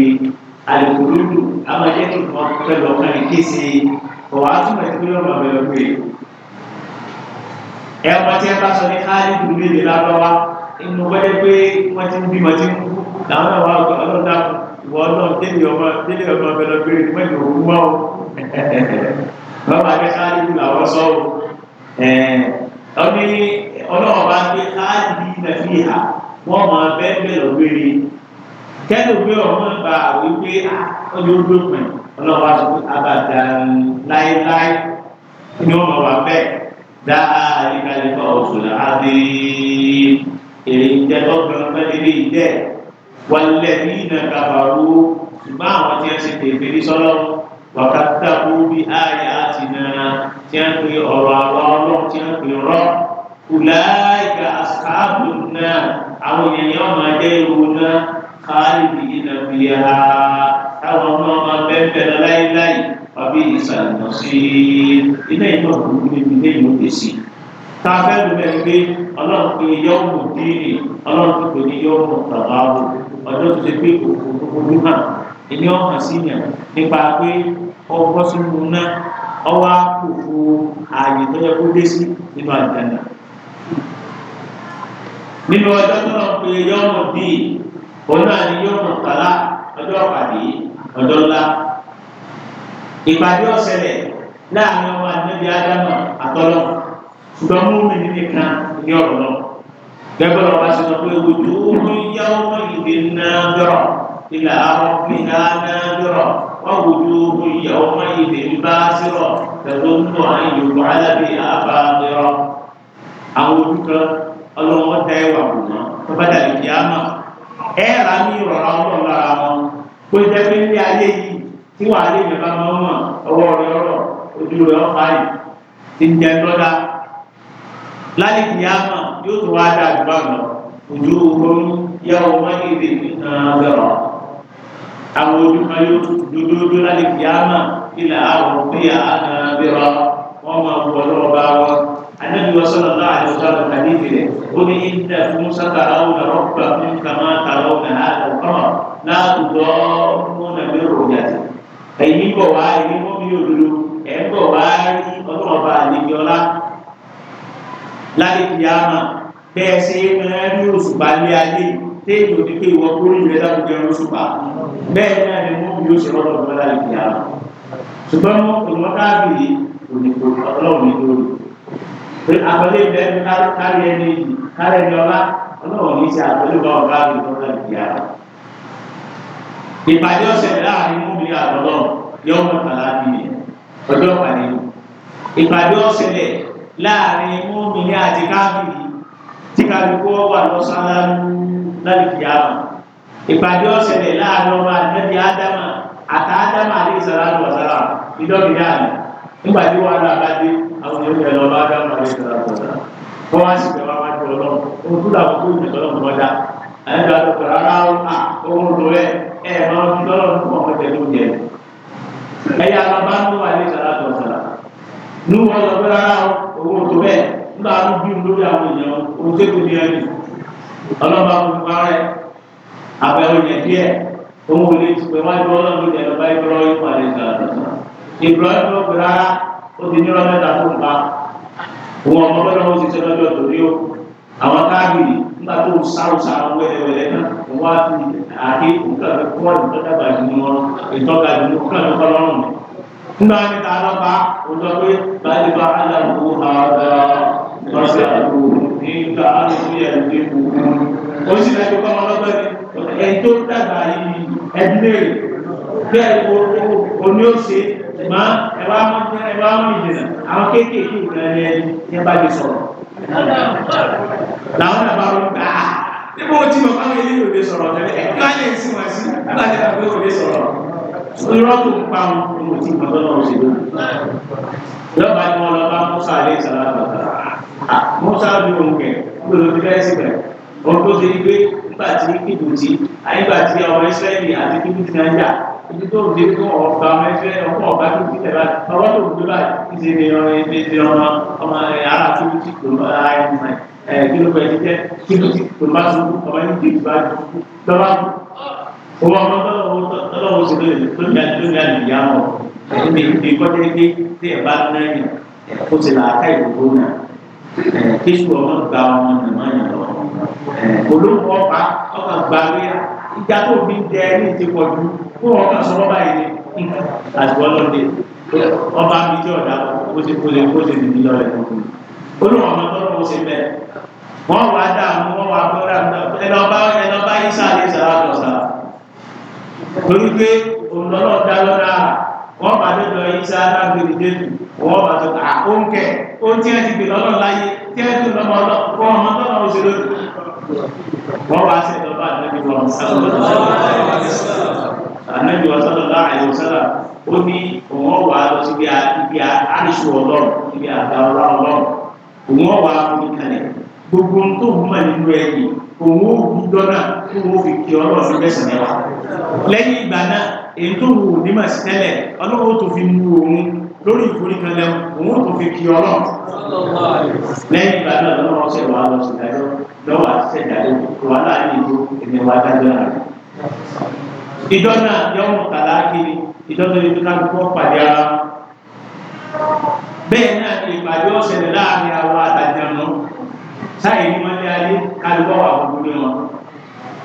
àlẹ́kùlùlù a máa jẹ́ kí nǹkan pẹ̀lú ọ̀kan ní kése ọ̀wá túmọ̀ ìpínlẹ̀ ọ̀mọ̀ bẹ̀rẹ̀ pé ẹ̀ ọmọ tí ẹ bá sọ ní káàdì inú wẹ́rẹ́ pé wọ́n ti ń bí wọ́n ti ń kú làwọn àwọn ọlọ́dà ìwọ ọlọ́run délé ọmọ délé ọmọ ọbẹ̀ lọ́gbẹ̀rẹ̀ ní mẹ́jọ òun wá o bàbá rẹ̀ káàdì ìlú àwọn sọ o ọdún ọlọ́run bá gbé káàdì ilẹ̀ fi hà wọ́n máa bẹ́ẹ̀ bẹ́ẹ̀ lọ́gbẹ̀rẹ̀ kẹ́lò gbé ọmọ ìgbà wípé ọjọ́ gbẹ̀pẹ̀ ọlọ́run bá sọ pé abàdà láéláé ni wọ́n máa wà bẹ́ẹ̀ dáa ìkàlẹ̀ èrè ìjẹ tọ́gbọ̀n pẹ́lẹ́lẹ́ ìjẹ wàlẹ̀ ní ìnàkàbàrú ṣùgbọ́n àwọn tí wọ́n ṣe tèbèrè sọ́lọ́ wàkàtà kú bí ààyè àti nàá tí wọ́n pe ọ̀rọ̀ àwa ọlọ́run tí wọ́n pe rọ́ kùláìka àṣàbù náà àwọn èèyàn yóò máa jẹ́ ìwò náà káàlì ìnàbíyà táwọn ọmọ ọmọ bẹ́ẹ̀ láíláì wàbí ìsàlùmọ̀ sí ilé ìtọ́jú níbi ilé ìlú pèsè tafẹ́ ló bẹ́ẹ̀ pé ọlọ́run pé yọ́ọ̀mù díìrì ọlọ́run pé ní yọ́ọ̀mù tàbáwò ọjọ́ tó ṣe pé òkú hàn ìní ọ̀hàn síyàn nípa pé ọkọ̀ sínú náà ọwọ́ àkókò ààyè tó yẹ kó dé sí nínú àjẹnà. nínú ọjọ́ tó lọ pé yọ́ọ̀mù díì òun náà ní yọ́ọ̀mù tàlá ọjọ́ pàdé ọjọ́ ńlá. ìpàdé ọ̀sẹ̀lẹ̀ láàrin ọmọ àdébí ádámà àtọ́lọ́mù ṣùgbọ́n mú mi ní nìkan ní ọ̀rọ̀ náà gẹ́gẹ́ lọ́wọ́ bá ṣe sọ pé ojú omi yá ọmọ ìdè náà bẹ̀rọ̀ ilẹ̀ àwọn mi náà náà bẹ̀rọ̀ wọ́n ojú omi yá ọmọ ìdè bá sírọ̀ tẹ̀lé nínú àyè wọ alábì àbá bẹ̀rọ̀ àwọn ojú kan ọlọ́wọ́ dá ẹwà kù mọ́ tó bá dàbí kí á mọ̀ ẹ̀ rà mí rọ̀rọ̀ ọlọ́run lára wọn kó jẹ́ pé ní ayé yìí tí wàá lè yẹ bá mọ́ mọ́ ọwọ́ rẹ̀ ọ̀rọ̀ ojú rẹ̀ ọ̀ láti kìyàmà yóò tún wá dá àdúrà lọ ojú ogun yàwó mọ́nìyàn nìkan bẹ̀rọ̀ àwọn ojú kan yóò tún dúdúdú láti kìyàmà ilà àwọn òpéyà nìkan bẹ̀rọ̀ wọ́n máa wọ lọ́wọ́ bá wọn. النبي صلى الله عليه وسلم حديث له قل إن موسى ترون ربكم كما ترون هذا القمر لا تضامون بالرؤيته ẹ̀yin bọ̀ wá ẹ̀yin mọ́ bí òdodo ẹ̀ ń bọ̀ wá ẹ̀yin ọlọ́ọ̀bá àlejò ọlá láti fi àmà bẹ́ẹ̀ ṣe máa rí òṣùpá lé ayé téèjì òní pé ìwọ kórè rẹ láwùjọ òṣùpá bẹ́ẹ̀ náà ni wọ́n yóò ṣe lọ́dọ̀ ọ̀gbọ́n láti fi àmà ṣùgbọ́n òṣùpá káàbì òníkò ọlọ́run ní lórí pé àbẹ̀lẹ̀ ìbẹ́ mi kárí ẹni yìí kárí ẹni ọlá ọlọ́run ní ṣe àbẹ̀lẹ̀ bá ọ̀gá mi lọ́dọ̀ láti fi àmà ìpàdé ọ̀sẹ̀ láàrin mú mi àtọ̀lọ́ ìpàdé ọ̀sẹ̀ lẹ̀ láàrin mọ́mìnì àti káfíìrì tí kálukú wà lọ́sàlárú lálùkì àmà ìpàdé ọ̀sẹ̀lẹ̀ láàrin ọmọ àdẹ́bí ádámà àtà ádámà àti ìsàlárù ọ̀sàlà ìdọ́bìnrin àmì nígbà tí wọ́n lọ abájé àwọn èèyàn ìrẹ̀lẹ̀ ọba ádámà àti ìsàlárù ọ̀sàlà wọ́n wá sí ìjọba wájú ọlọ́run ohun tó làwọn tó ìjọba ọlọ́run mọ́dá àyẹ̀dọ̀ àdókò rárá ohun lò ẹ̀ ẹ̀ máa ń fi ọlọ́run fún ọmọ ìjẹ̀lú jẹ ẹ̀yà bàbá ń wà ní ìsàlárù ọ̀sàlà níwọ̀n lọ́gbẹ́ rárá ohun owó tó bẹ́ẹ̀ nígbà tó bí mu lórí àwọn èèyàn ohun tó kù ní ẹni ọlọ́ba fún parẹ́ abẹ́rẹ́ yẹn díẹ̀ ohun olè ti pẹ̀ wájú ọlọ́run yẹn lọ́ba ìbúrọ̀ ìpàdé ìgbàlódé ìbúrọ̀ ìbúrọ̀ pẹ̀ rárá ó ti ní ọlọ́dẹ ta fún nǹkan òun ọmọ bẹ́ẹ̀ lọ́wọ́ ti ṣe lọ́jọ́ torí o àwọn káàkiri nígbà tó ń sáwùsà wẹ́lẹ́wẹ́lẹ́ náà wọ́n á fi àdé nǹkan kọ́ ìtọ́jà nígbà tí ta lọ bá òjò pé báyìí bá aláàbò ààbà lọ́sẹ̀ àbò nígbà àlùkù yẹn lè kú. ó sì lẹ́nu kọ́ ọmọ lọ́gbẹ́ ni ẹni tó dàgbà yìí ẹdílé bẹ́ẹ̀ oní òsè má ẹ wá ẹ wá mú ìdènà àwọn kéékèèké ìgbà yẹn ní ẹ bá lè sọ̀rọ̀. làwọn náà bá wọn gbà á níbo tí mo bá wọn yé lòdì sọ̀rọ̀ tẹ́lẹ̀ ẹ̀ kí wọ́n á lè sìn wá sí nígbà tí wọ́n lòdì sọ̀rọ̀ irọ́ tó ń pa wọn ní òtí ìgbàgbọ́ náà ṣe lónìí. lọ́ba ni wọn lọ bá musa alẹ́ ìsàlá bàtà musa bí òun kẹ̀ gbọ́dọ̀ ti fẹ́ síbẹ̀ òun tó ṣe gbé nígbà tí kìbùtì àyígbà tí ọmọ ìsírẹ́lì àti kìbùtì náà yà ibi tó ń dé kó ọba ọmọ ẹgbẹ́ ọkọ ọba tó ti tẹ báyìí ọwọ́ tó ń dé báyìí ti ṣe ọmọ ẹgbẹ́ ọmọ ọmọ ara tó ń ti tó ara ẹni mọ ẹ kí ló pẹ ti tẹ kí ló ti tó bá tó ọmọ ẹni tó ti bá tó bá tó òun ọmọ tọ́lọ́wọ́ sí lóye tó ní àti tó ní àlùyá mọ̀ ẹ̀mí ìkọ́jẹ́ pé tí ẹ̀ bá ná yàn ó ti là á ká ìdòdó náà kéṣù ọmọ gba ọmọ nàmọ́ yàn lọ olóńgbò ọba ọba gbàgbéra ìjà tó bí dẹ ní ti pọ̀ ju kó ọba sọ̀rọ̀ báyìí ní àti ọlọ́dẹ ọba mi tí ọ̀dà ó ti kó lè kó lè nìyí lọ́rẹ̀ olóńgbò ọmọ tọ́lọ́wọ́ sí bẹ́ẹ̀ wá dààmú wọ́n wá gbọ́dọ̀ ẹ̀ lọ́ba ẹ̀ lọ́ba yìí sáré sàrà lọ́sàrà torí pé òǹdọ́lọ́ dá lọ́dà wọ́n bá tó lọ yí sá lágbèrè dẹ́tù wọ́n bá tó kà ó ń kẹ̀ ó ń tiẹ̀ ti gbè lọ́dọ̀ láyé tiẹ̀ tó lọ́mọ ọlọ́kọ́ ọmọ tó lọ́mọ òṣèlú wọ́n bá ṣe lọ́dọ̀ àdébí wọn àdébí wọn sọ́dọ̀ láàyè sọ́dọ̀ ó ní òun wà lọ síbi ibi àríṣù ọlọ́run ibi àgbà ọlọ́run òun wà kúrú kalẹ̀ gbogbo ohun tó hùmà nínú ẹ̀yìn òun ó bí dọ́nà tó wọ́n fi kí ọlọ́run sí mẹ́sàn-án mẹ́wàá lẹ́yìn ìgbà náà èyí tó wù nímọ̀ sí tẹ́lẹ̀ ọlọ́run tó fi mú òun lórí ìforíkanlẹ̀ òun ó tó fi kí ọlọ́run lẹ́yìn ìgbà náà lọ́wọ́ ọ̀sẹ̀ wà lọ sí ìdájọ́ lọ́wọ́ àti ìdájọ́ tó wà láàrin ìlú ẹ̀mí wa dájọ́ náà ìjọ náà yọ ọmọ tàlá kiri ìjọ tó lè sáyé ní máa dé ayé kálíbọ̀ wà gbogbo ní wọn.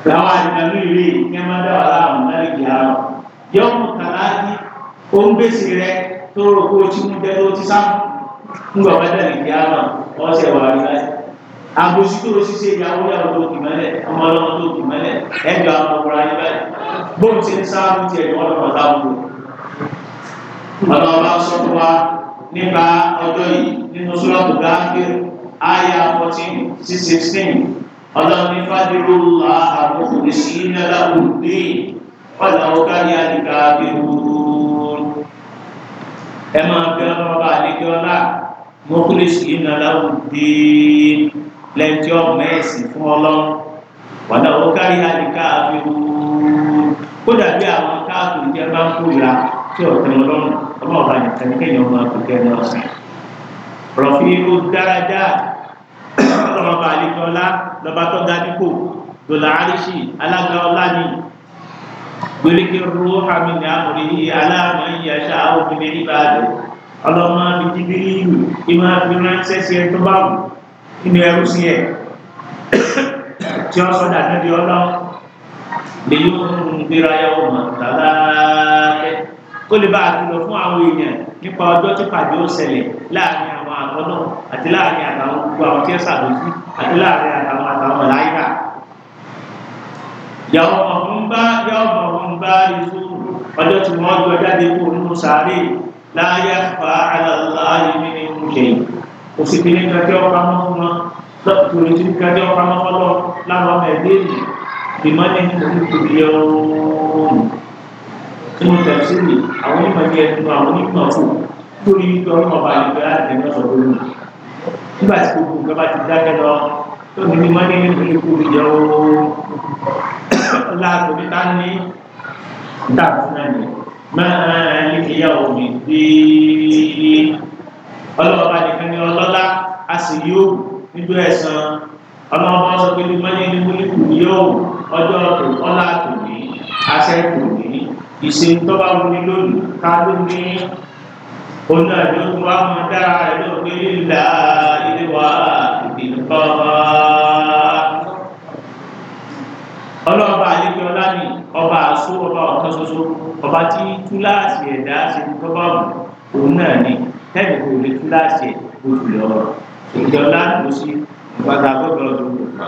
Làwọn àdìgbàlú ìlú yìí kí wọ́n dá wà láàmú lálẹ́ kìí àárọ̀. Yọ́mù kàláàdì ó ń gbèsè rẹ tó rò kó o ti mú jẹ́ tó ti sáà. Ń gbọ̀ wọ́n dàlẹ̀ kìí àárọ̀ ọ̀sẹ̀ wà rí láti. Àbòsí tó ṣiṣẹ́ ìyàwó yàwó tó kì mọ́lẹ̀ ọmọ ọlọ́mọ tó kì mọ́lẹ̀ ẹ̀jọ̀ àwọn ọkùnrin ayé báyìí. Bóun ti ń sáà mú tiẹ̀ àyà fourteen sí sixteen ọlọ́ni fàdúró àbùkù sí náírà òde ọ̀là ọ̀gá ní àdìgá abẹ́wòrán ẹ máa bẹ ọlọ́ba àdìgá ọlá mọ́kúlẹ̀ sí náírà òde lẹ́jọ́ mẹ́sìn fún ọlọ́run ọ̀là ọ̀gá ní àdìgá abẹ́wòrán kódà bí àwọn káàkiri jẹ́ bá ń kórìíra tí ọ̀tẹ̀ ọlọ́run ọlọ́ọ̀bá nìkan ní kéèyàn máa kó kẹ́ ẹ lọ́sìn ó dára dáa ọlọ́run bá àlejò ọlá lọ́ba tó ga dípò dòlà àríṣì alága ọlá ni gbèrékè ro hamini amòrè aláàmì yàtsá obìnrin níbàdàn ọlọ́mọ bìtìbìrì ìlú ìmọ̀ àfihàn sẹ́sì ẹ̀ tó bá wù nínú ẹrú sí ẹ̀ tí ó sọ dàbí di ọlọ́run lèyí ó ń gbéra yàwó mọ̀ tàbá kó lè bá a kìlọ̀ fún àwọn èèyàn nípa ọjọ́ tí pàdé ó ṣẹlẹ̀ láàrin àtàwọn náà àti láàrin àtàwọn gbogbo àwọn tí ẹ sàlójú àti láàrin àtàwọn àtàwọn ọ̀láyà. yàwó ọ̀hún bá yàwó ọ̀hún bá ikú ọjọ́ tí wọ́n yọ jáde kó nínú sáré láyà fa aláàlá yìí nínú ìjẹyìn kò sì fi ní kájọ́ pamọ́ fún wọn lọ́kùnrin tí ní kájọ́ pamọ́ fọ́lọ́ láwọn ọmọ ẹ̀dẹ́ yìí bimani nínú tẹ̀síìlì àwọn onímọ̀ ní ẹnu àwọn onímọ̀ fún un torí wípé ọlọ́mọba àlùfẹ́ àtẹnudọ́ sọ pé lónìí nígbà tí gbogbo nǹkan bá ti dákẹ́ lọ tó ní ní wọ́n ní níbi ikú ìjẹ́ ooo láàbò níta ní dàbùnà ní máa ní ìyá omi déédéé ọlọ́mọba nìkan ní ọlọ́lá a sì yóò níjọ́ ẹ̀san ọlọ́mọba sọ pé ní wọ́n ní níbi ikú ìjẹ́ ooo ọjọ́ ọlá tòní aṣẹ́ tòní ìṣèǹtọ́ba wọlé lónìí ká ló ní. Kódà yóò tún wá mọ dára rẹ̀ ló pé lílà ilé wa ìdí nǹkan wá. Ọlọ́ọ̀bá Adébíyọ Lámì, ọba àṣọ ọba ọ̀kan ṣoṣo, ọba tí túláàsì ẹ̀dá ṣe ní tọ́ba wù, òun náà ni tẹ́lẹ̀ kò lè túláàsì ẹ̀ kó tulẹ̀ ọ̀rọ̀. Ìjọ Lámì ló sí ìgbàgbọ́ gbọ́dọ̀ tó kù ká.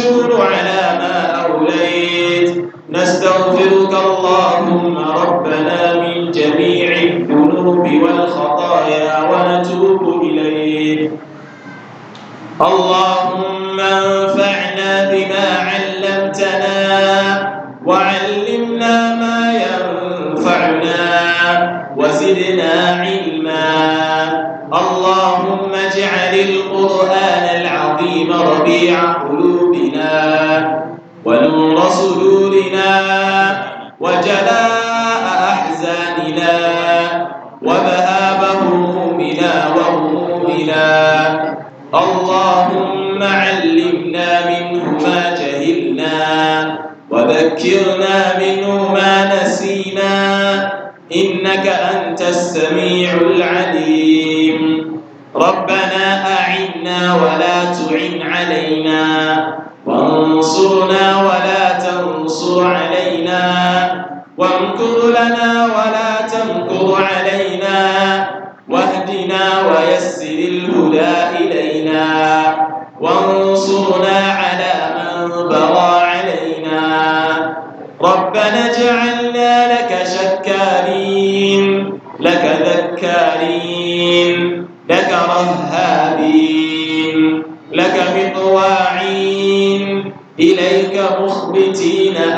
نشكر على ما أوليت نستغفرك اللهم ربنا من جميع الذنوب والخطايا ونتوب إليك اللهم انفعنا بما علمتنا وعلمنا ما ينفعنا وزدنا علما اللهم اجعل القرآن العظيم ربيع قلوبنا ونور صدورنا وجلاء أحزاننا وبهاب همومنا وهمومنا اللهم علمنا منه ما جهلنا وذكرنا منه ما نسينا إنك أنت السميع العليم ربنا أعنا ولا تعن علينا وانصرنا ولا تنصر علينا وامكر لنا ولا تمكر علينا واهدنا ويسر الهدى إلينا وانصرنا على من بغى علينا ربنا اجعلنا لك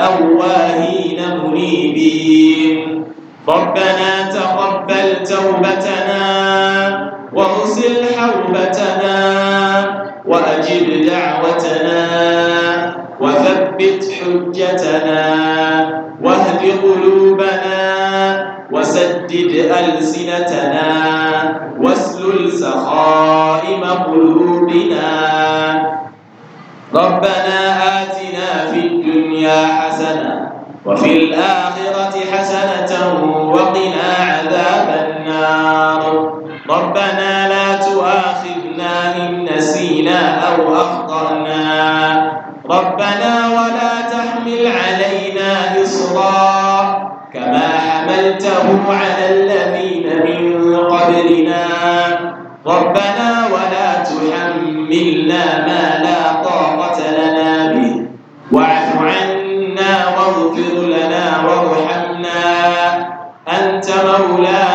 أواهين منيبين ربنا تقبل توبتنا وأرسل حوبتنا وأجب دعوتنا وثبت حجتنا واهد قلوبنا وسدد ألسنتنا واسلل سخائم قلوبنا ربنا آمين الدنيا حسنة وفي الآخرة حسنة وقنا عذاب النار ربنا لا تؤاخذنا إن نسينا أو أخطأنا ربنا ولا تحمل علينا إصرا كما حملته على الذين من قبلنا ربنا ولا تحملنا ما لا تروا لا